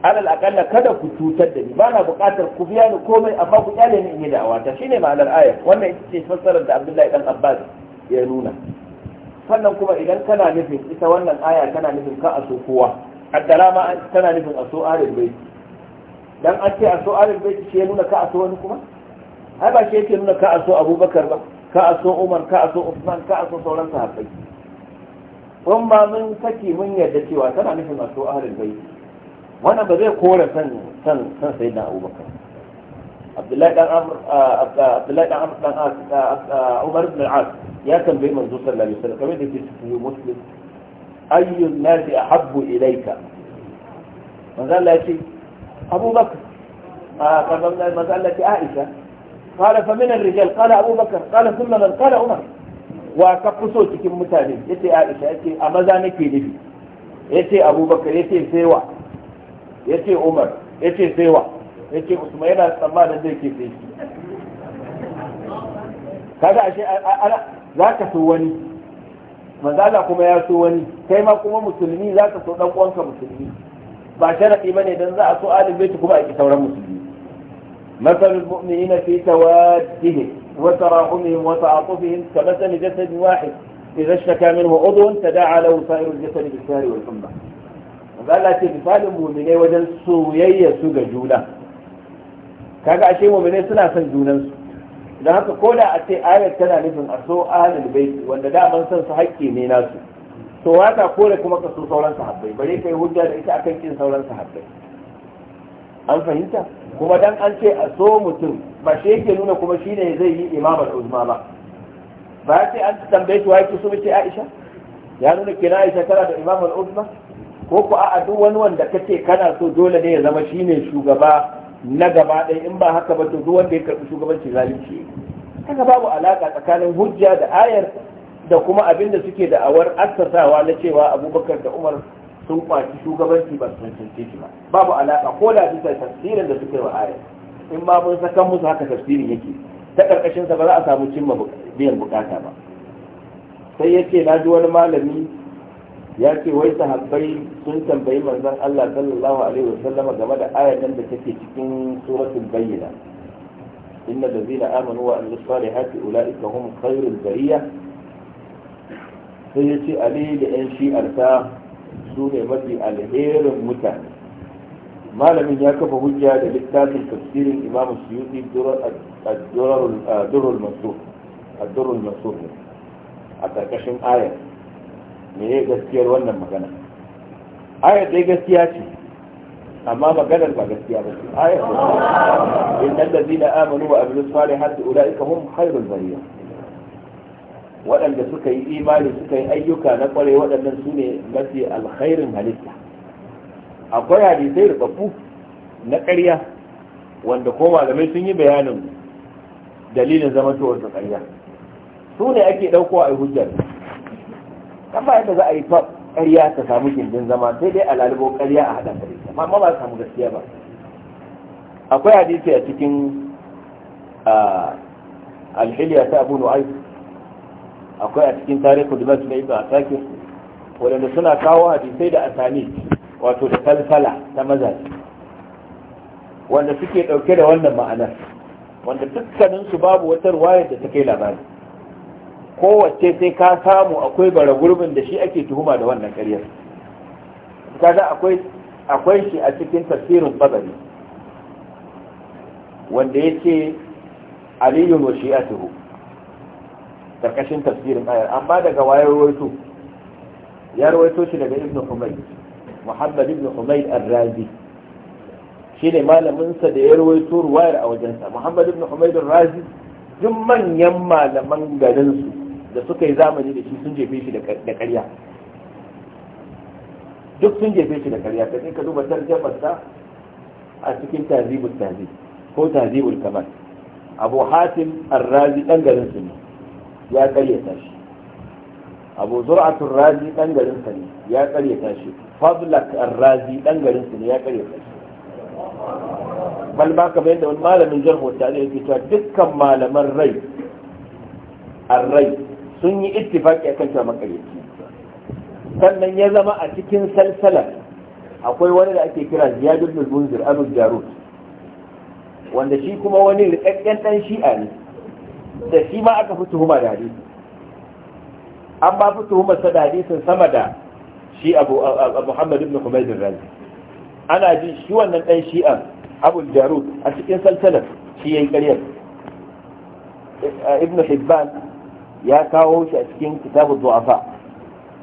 alal akalla kada ku cutar da ni ba na buƙatar ku biya ni komai amma ku kyale ni in yi ta shine ma'anar aya wannan ita ce fassarar da Abdullahi dan Abbas ya nuna sannan kuma idan kana nufin ita wannan aya kana nufin ka a so kowa addara ma kana nufin a so ahlul bait dan an ce a so ahlul shi ya nuna ka a so wani kuma ai ba shi yake nuna ka a so Abubakar ba ka a so Umar ka a so Uthman ka a so sauran sahabbai in ba mun saki mun yadda cewa tana nufin a ahlul bayt wanda ba zai kore san san san sai sayyidina abubakar abdullahi dan amr abdullahi dan amr dan umar ibn al-as ya tambayi manzo sallallahu alaihi wasallam kamar da yake cikin muslim ayyu nasi ahabbu ilayka manzo Allah ya ce abubakar قال من المزلة عائشة قال فمن الرجال قال أبو بكر قال ثم من قال عمر wa ka fi so cikin mutane yace Aisha yace a maza nake nufi yace Abubakar yace saiwa yace Umar yace saiwa yace Usman yana tsammanin zai ke sai kaga ashe za ka so wani manzala kuma ya so wani kai ma kuma musulmi za ka so dan uwanka musulmi ba sharadi bane dan za a so alibaitu kuma a ki sauran musulmi masalul mu'minina fi tawaddihi وتراحمهم وتعاطفهم كمثل جسد واحد إذا اشتكى منه عضو تداعى له سائر الجسد بالسهر والحمى وقال لا تبفال المؤمنين وجل سويي سوق جولا كاقا أشي مؤمنين سنة سنجولا da haka ko da a ce ayar tana nufin a so ahalul baiti wanda da ban san su haƙƙi ne nasu to wata kore kuma ka so sauran sahabbai bare kai hujja da ita akan kin sauran sahabbai an fahimta kuma dan an ce a so mutum ba shi yake nuna kuma shi ne zai yi imamar uzma ba ba sai an tambaye shi wai su ce Aisha ya nuna kena Aisha tana da imamar uzma ko ku a'a duk wani wanda kace kana so dole ne ya zama shine shugaba na gaba ɗaya in ba haka ba to duk wanda ya karɓi shugabanci zalunci kaga babu alaka tsakanin hujja da ayar da kuma abin da suke da awar assasawa na cewa abubakar da umar sun kwaci shugabanci ba su cancanci ba babu alaka ko da bisa tafsirin da suke wa ayar in ba mun sakan musu haka tafsirin yake ta karkashin sa ba za a samu cimma biyan bukata ba sai yace na ji wani malami ya ce wai sahabbai sun tambayi manzon Allah sallallahu alaihi wasallama game da ayar nan da take cikin suratul bayyina inna allazina amanu wa amilus salihati ulaika hum khairul bariyah sai yace ali da yan arsa su ne mafi alherin mutane malamin ya kafa hujja da littafin tafsirin imam suyuti durul mansur durul ne a karkashin ayar me ya gaskiyar wannan magana ayar dai gaskiya ce amma maganar ba gaskiya ba ce ayar ba in nan da zina amanu wa abin sali hatta ula'ika hum khairul bariya waɗanda suka yi imani suka yi ayyuka na kware waɗannan su ne mafi alkhairin halitta akwai hadisai rubabbu na ƙarya wanda ko malamai sun yi bayanin dalilin zamantowar su ƙarya su ne ake ɗauko a yi hujjar kan ba yadda za a yi ƙarya ta samu gindin zama sai dai a lalubo ƙarya a haɗa ƙarya amma ba samu gaskiya ba akwai hadisi a cikin alhiliya ta abu nu'ai akwai a cikin tarihin dimas na ibn asakir wadanda suna kawo hadisai da asani wato da falfala ta mazaje wanda suke ɗauke da wannan ma'anar wanda dukkaninsu babu wata ruwayar da ta kai labari kowace sai ka samu akwai bara gurbin da shi ake tuhuma da wannan ƙaryar kaga akwai akwai shi a cikin tafsirin qabari wanda yake aliyu wa shi'atuhu kashin tafsirin ayar amma daga wayar rawaito ya rawaito shi daga ibnu Umayyah muhammad ibn humayd ar-razi shine malamin sa da ya rawaito ruwayar a wajensa muhammad ibn humayd ar-razi duk manyan malaman garin su da suka yi zamani da shi sun jefe shi da ƙarya duk sun jefe shi da ƙarya ka ka duba sa a cikin tazibul tazib ko tazibul kamal abu hatim ar-razi dan garin su ne ya ƙaryata shi abu zur'atul razi dan garin sa ne ya karyata shi fadlak ar-razi dan garin sa ne ya karyata shi bal ba ka bayyana wani malamin jar ta ne yake cewa dukkan malaman rai ar-rai sun yi ittifaki akan cewa makaryaci sannan ya zama a cikin salsala akwai wani da ake kira ziyad ibn munzir abu wanda shi kuma wani rikakken dan shi'a ne da shi ma aka fi tuhuma da hadisi an ba fi tuhumarsa da hadisin sama da shi abu muhammad ibn humaydin razi ana jin shi wannan ɗan shi'an abu jarud a cikin salsalar shi ya yi ƙaryar ibn hibban ya kawo shi a cikin kitabu du'afa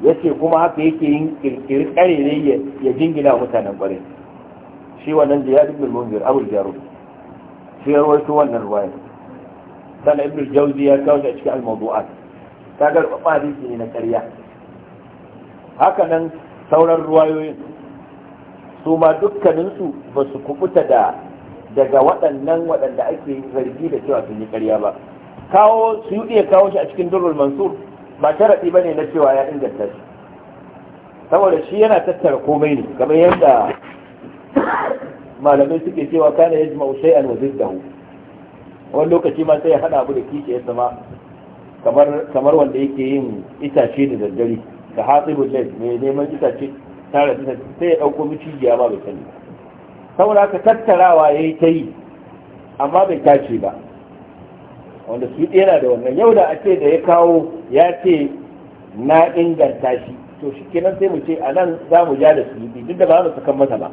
ya ce kuma haka yake yin kirkirin ƙarere ya jingina mutanen ƙwarai shi wannan da ya ibn munzir abu jarud shi ya rawaito wannan ruwaya sannan ibn jauzi ya kawo shi a cikin al-mawdu'at kaga rubabba hadisi ne na karya. Hakanan sauran ruwayoyin su ma dukkaninsu ba su kubuta da daga waɗannan waɗanda ake zargi da cewa sun yi karya ba kawo su iya kawo shi a cikin durul mansur ba raɗi ba ne na cewa ya inganta shi saboda shi yana tattara komai ne kamar yadda malamai suke cewa kana yajma'u shay'an wa hu. wani lokaci ma sai ya haɗa abu da ya zama. kamar wanda yake yin itace da daddare ka hatsibul lail mai neman itace tare da sai ya dauko micijiya ba bai sani saboda haka tattarawa yayi ta yi amma bai tace ba wanda su yana da wannan yau da ake da ya kawo ya ce na inganta shi to shi kenan sai mu ce a nan za mu ja da su duk da ba za mu kan masa ba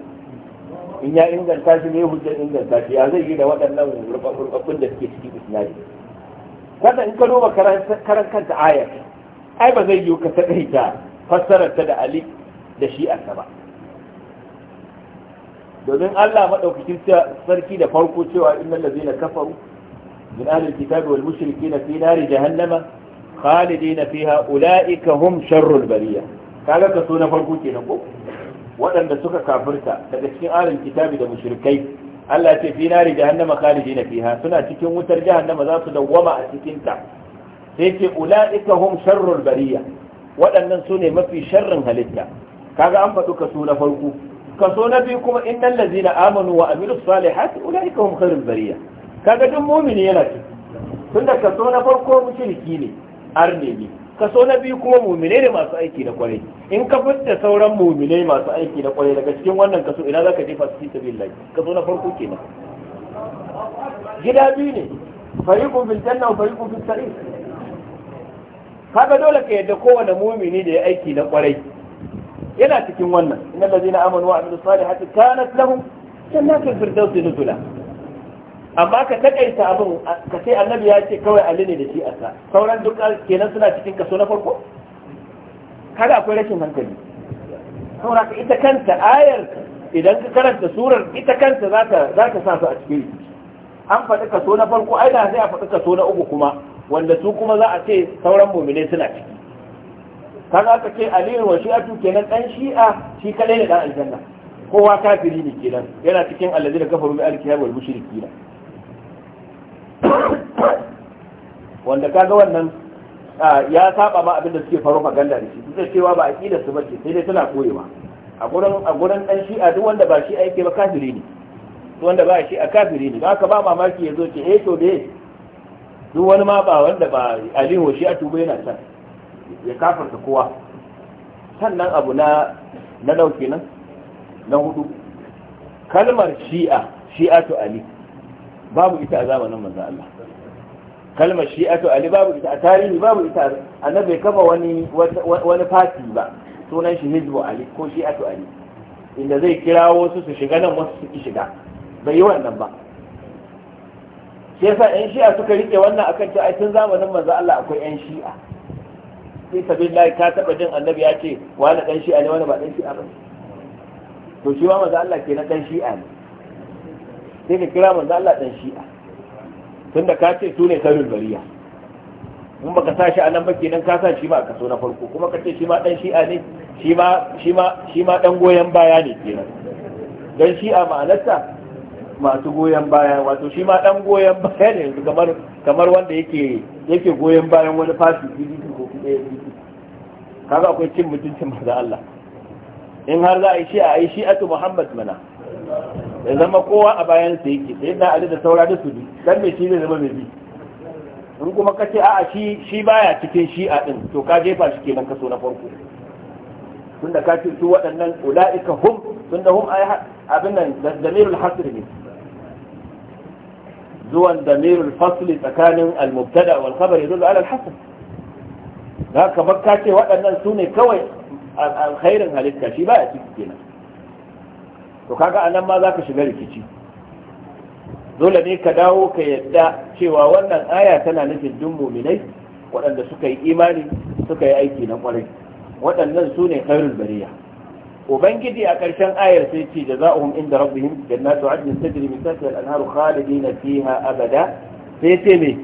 in ya inganta shi ne hujjar inganta shi ya zai yi da waɗannan rubabun da suke cikin isnadi kada in ka duba karan kanta ayar ai ba zai yi ka saɗai ta fassarar ta da alif da shi a ba domin Allah maɗaukakin sarki da farko cewa innal ladzina kafaru min ahli alkitabi wal mushrikeena fi nari jahannama khalidina fiha ulaika hum sharrul bariya kaga ka so na farko kenan ko waɗanda suka kafirta daga cikin alin kitabi da mushrikai Allah ce fi nari jahannama na fiha suna cikin wutar jahannama za su dawwama a cikin ta sai ce ulaika hum sharrul bariya waɗannan su ne mafi sharrin halitta kaga an faɗi kaso na farko kaso na biyu kuma innal ladzina amanu wa amilus salihati ulaika hum khairul bariya kaga duk mu'mini yana ciki tunda kaso na farko mushriki ne arne ne kaso na biyu kuma mumine ne masu aiki da kwarai in ka fita sauran mumine masu aiki da kwarai daga cikin wannan kaso ina za ka jefa su fita billahi kaso na farko ke nan. gida biyu ne fariqu filtar na wa filtar bis sa'ir kaga dole ka yadda kowane mumini da ya aiki na kwarai yana cikin wannan innal ladina amanu wa amilus salihati kanat lahum jannatul firdaus nuzula amma ka takaita abin ka sai annabi ya ce kawai ali ne da shi sa, sauran duk kenan suna cikin kaso na farko kada akwai rashin hankali saura ka ita kanta ayar idan ka karanta surar ita kanta za ka sa su a cikin an faɗi kaso na farko ai da sai a faɗi kaso na uku kuma wanda su kuma za a ce sauran mumine suna ciki kaga aka ce aliyu wa shi'atu kenan dan shi'a shi kadai ne dan aljanna kowa kafiri ne kenan yana cikin allazi da kafaru bi alkitab wal mushrikina wanda kaga wannan ya saba ma abinda suke faro maganda da shi duk cewa ba aqida su bace sai dai tana koyewa a gurin a gurin dan shi'a duk wanda ba shi aike ba kafiri ne duk wanda ba shi a kafiri ne haka ba mamaki yazo ce eh to dai duk wani ma ba wanda ba alihu shi a tuba yana san ya kafarta kowa sannan abu na na dauke nan na hudu kalmar shi'a shi'atu ali babu ita a zamanin manzan Allah kalmar ato ali babu ita a tarihi babu ita a bai kafa wani wani fati ba sunan shi hizbo ali ko shi ato ali inda zai kira wasu su shiga nan wasu su shiga bai yi wannan ba shi yasa yan shi'a suka rike wannan akan ta ai tun zamanin manzan Allah akwai yan shi'a sai sabilillahi ka taba jin annabi ya ce wani dan shi'a ne wani ba dan shi'a ba to shi ma manzan Allah ke na dan shi'a ne sai ka kira manzo Allah dan shi'a tunda ka ce su ne sarul bariya in baka sa shi a nan baki nan ka sa shi ma a kaso na farko kuma ka ce shi ma dan shi'a ne shi ma shi ma shi ma dan goyen baya ne kenan dan shi'a ma'anarsa masu goyon baya wato shi ma dan goyon baya ne kamar kamar wanda yake yake goyon bayan wani fashi PDP ko kuma yake kaga akwai cin mutuncin manzo Allah in har za a yi shi'a a yi shi'atu Muhammad mana ya zama kowa a bayan sa yake sai na ali da saura da su bi dan me shi zai zama me bi in kuma kace a'a shi shi baya cikin a din to ka jefa shi kenan kaso na farko tunda ka ce su waɗannan ula'ika hum tunda hum ai abin nan da damirul hasr ne zuwan damirul fasli tsakanin al-mubtada wal khabar yadullu ala al-hasr da ka ce waɗannan su ne kawai alkhairin halitta shi baya ciki kenan to kaga anan ma zaka shiga rikici dole ne ka dawo ka yadda cewa wannan aya tana nufin duk muminai waɗanda suka yi imani suka yi aiki na ƙwarai waɗannan su ne khairul bariya ubangiji a ƙarshen ayar sai ce jaza'uhum inda rabbihim jannatu adnin tajri min tahtiha al-anharu khalidina fiha abada sai ce me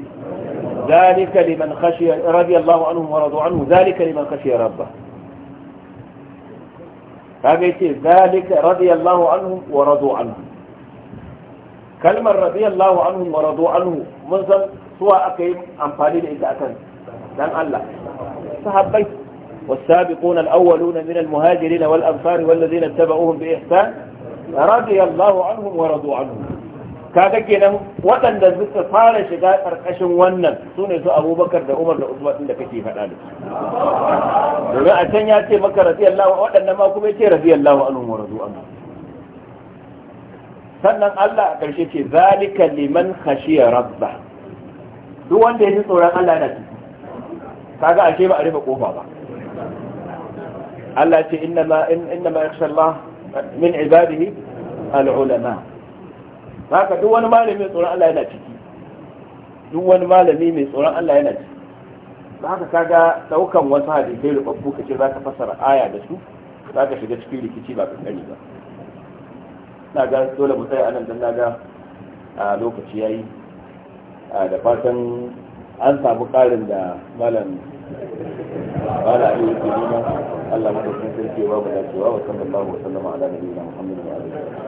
zalika liman khashiya radiyallahu anhu wa radu anhu zalika liman khashiya rabbah kaga yace zalika radiyallahu anhu wa radu anhu kalmar radiyallahu anhu wa radu anhu mun san suwa aka yi amfani da ita akan dan Allah sahabbai والسابقون الأولون من المهاجرين والأنصار والذين اتبعوهم بإحسان رضي الله عنهم ورضوا عنهم kaga kenan waɗanda suka fara shiga ƙarƙashin wannan su ne su abubakar da umar da usman da kake faɗa da su domin a can ya ce maka radiyallahu waɗanda ma kuma ya ce radiyallahu anhu wa radu anhu sannan Allah a ƙarshe ce zalika liman khashiya rabba duk wanda ya ji tsoron Allah yana ciki kaga ashe ba a rufe kofa ba Allah ce inna ma inna ma yakhsha Allah min ibadihi al-ulama haka duk wani malami mai tsoron Allah yana ciki duk wani malami mai tsoron Allah yana ciki da haka kaga daukan wasu hadisai babu kace za ka fasara aya da su za ka shiga cikin rikici ba kankani ba na ga dole mu sai anan dan naga a lokaci yayi da fatan an samu karin da malam bala ne yake Allah madaukakin sai ke ba mu dacewa wa sallallahu alaihi wa sallam ala nabiyina Muhammadin wa alihi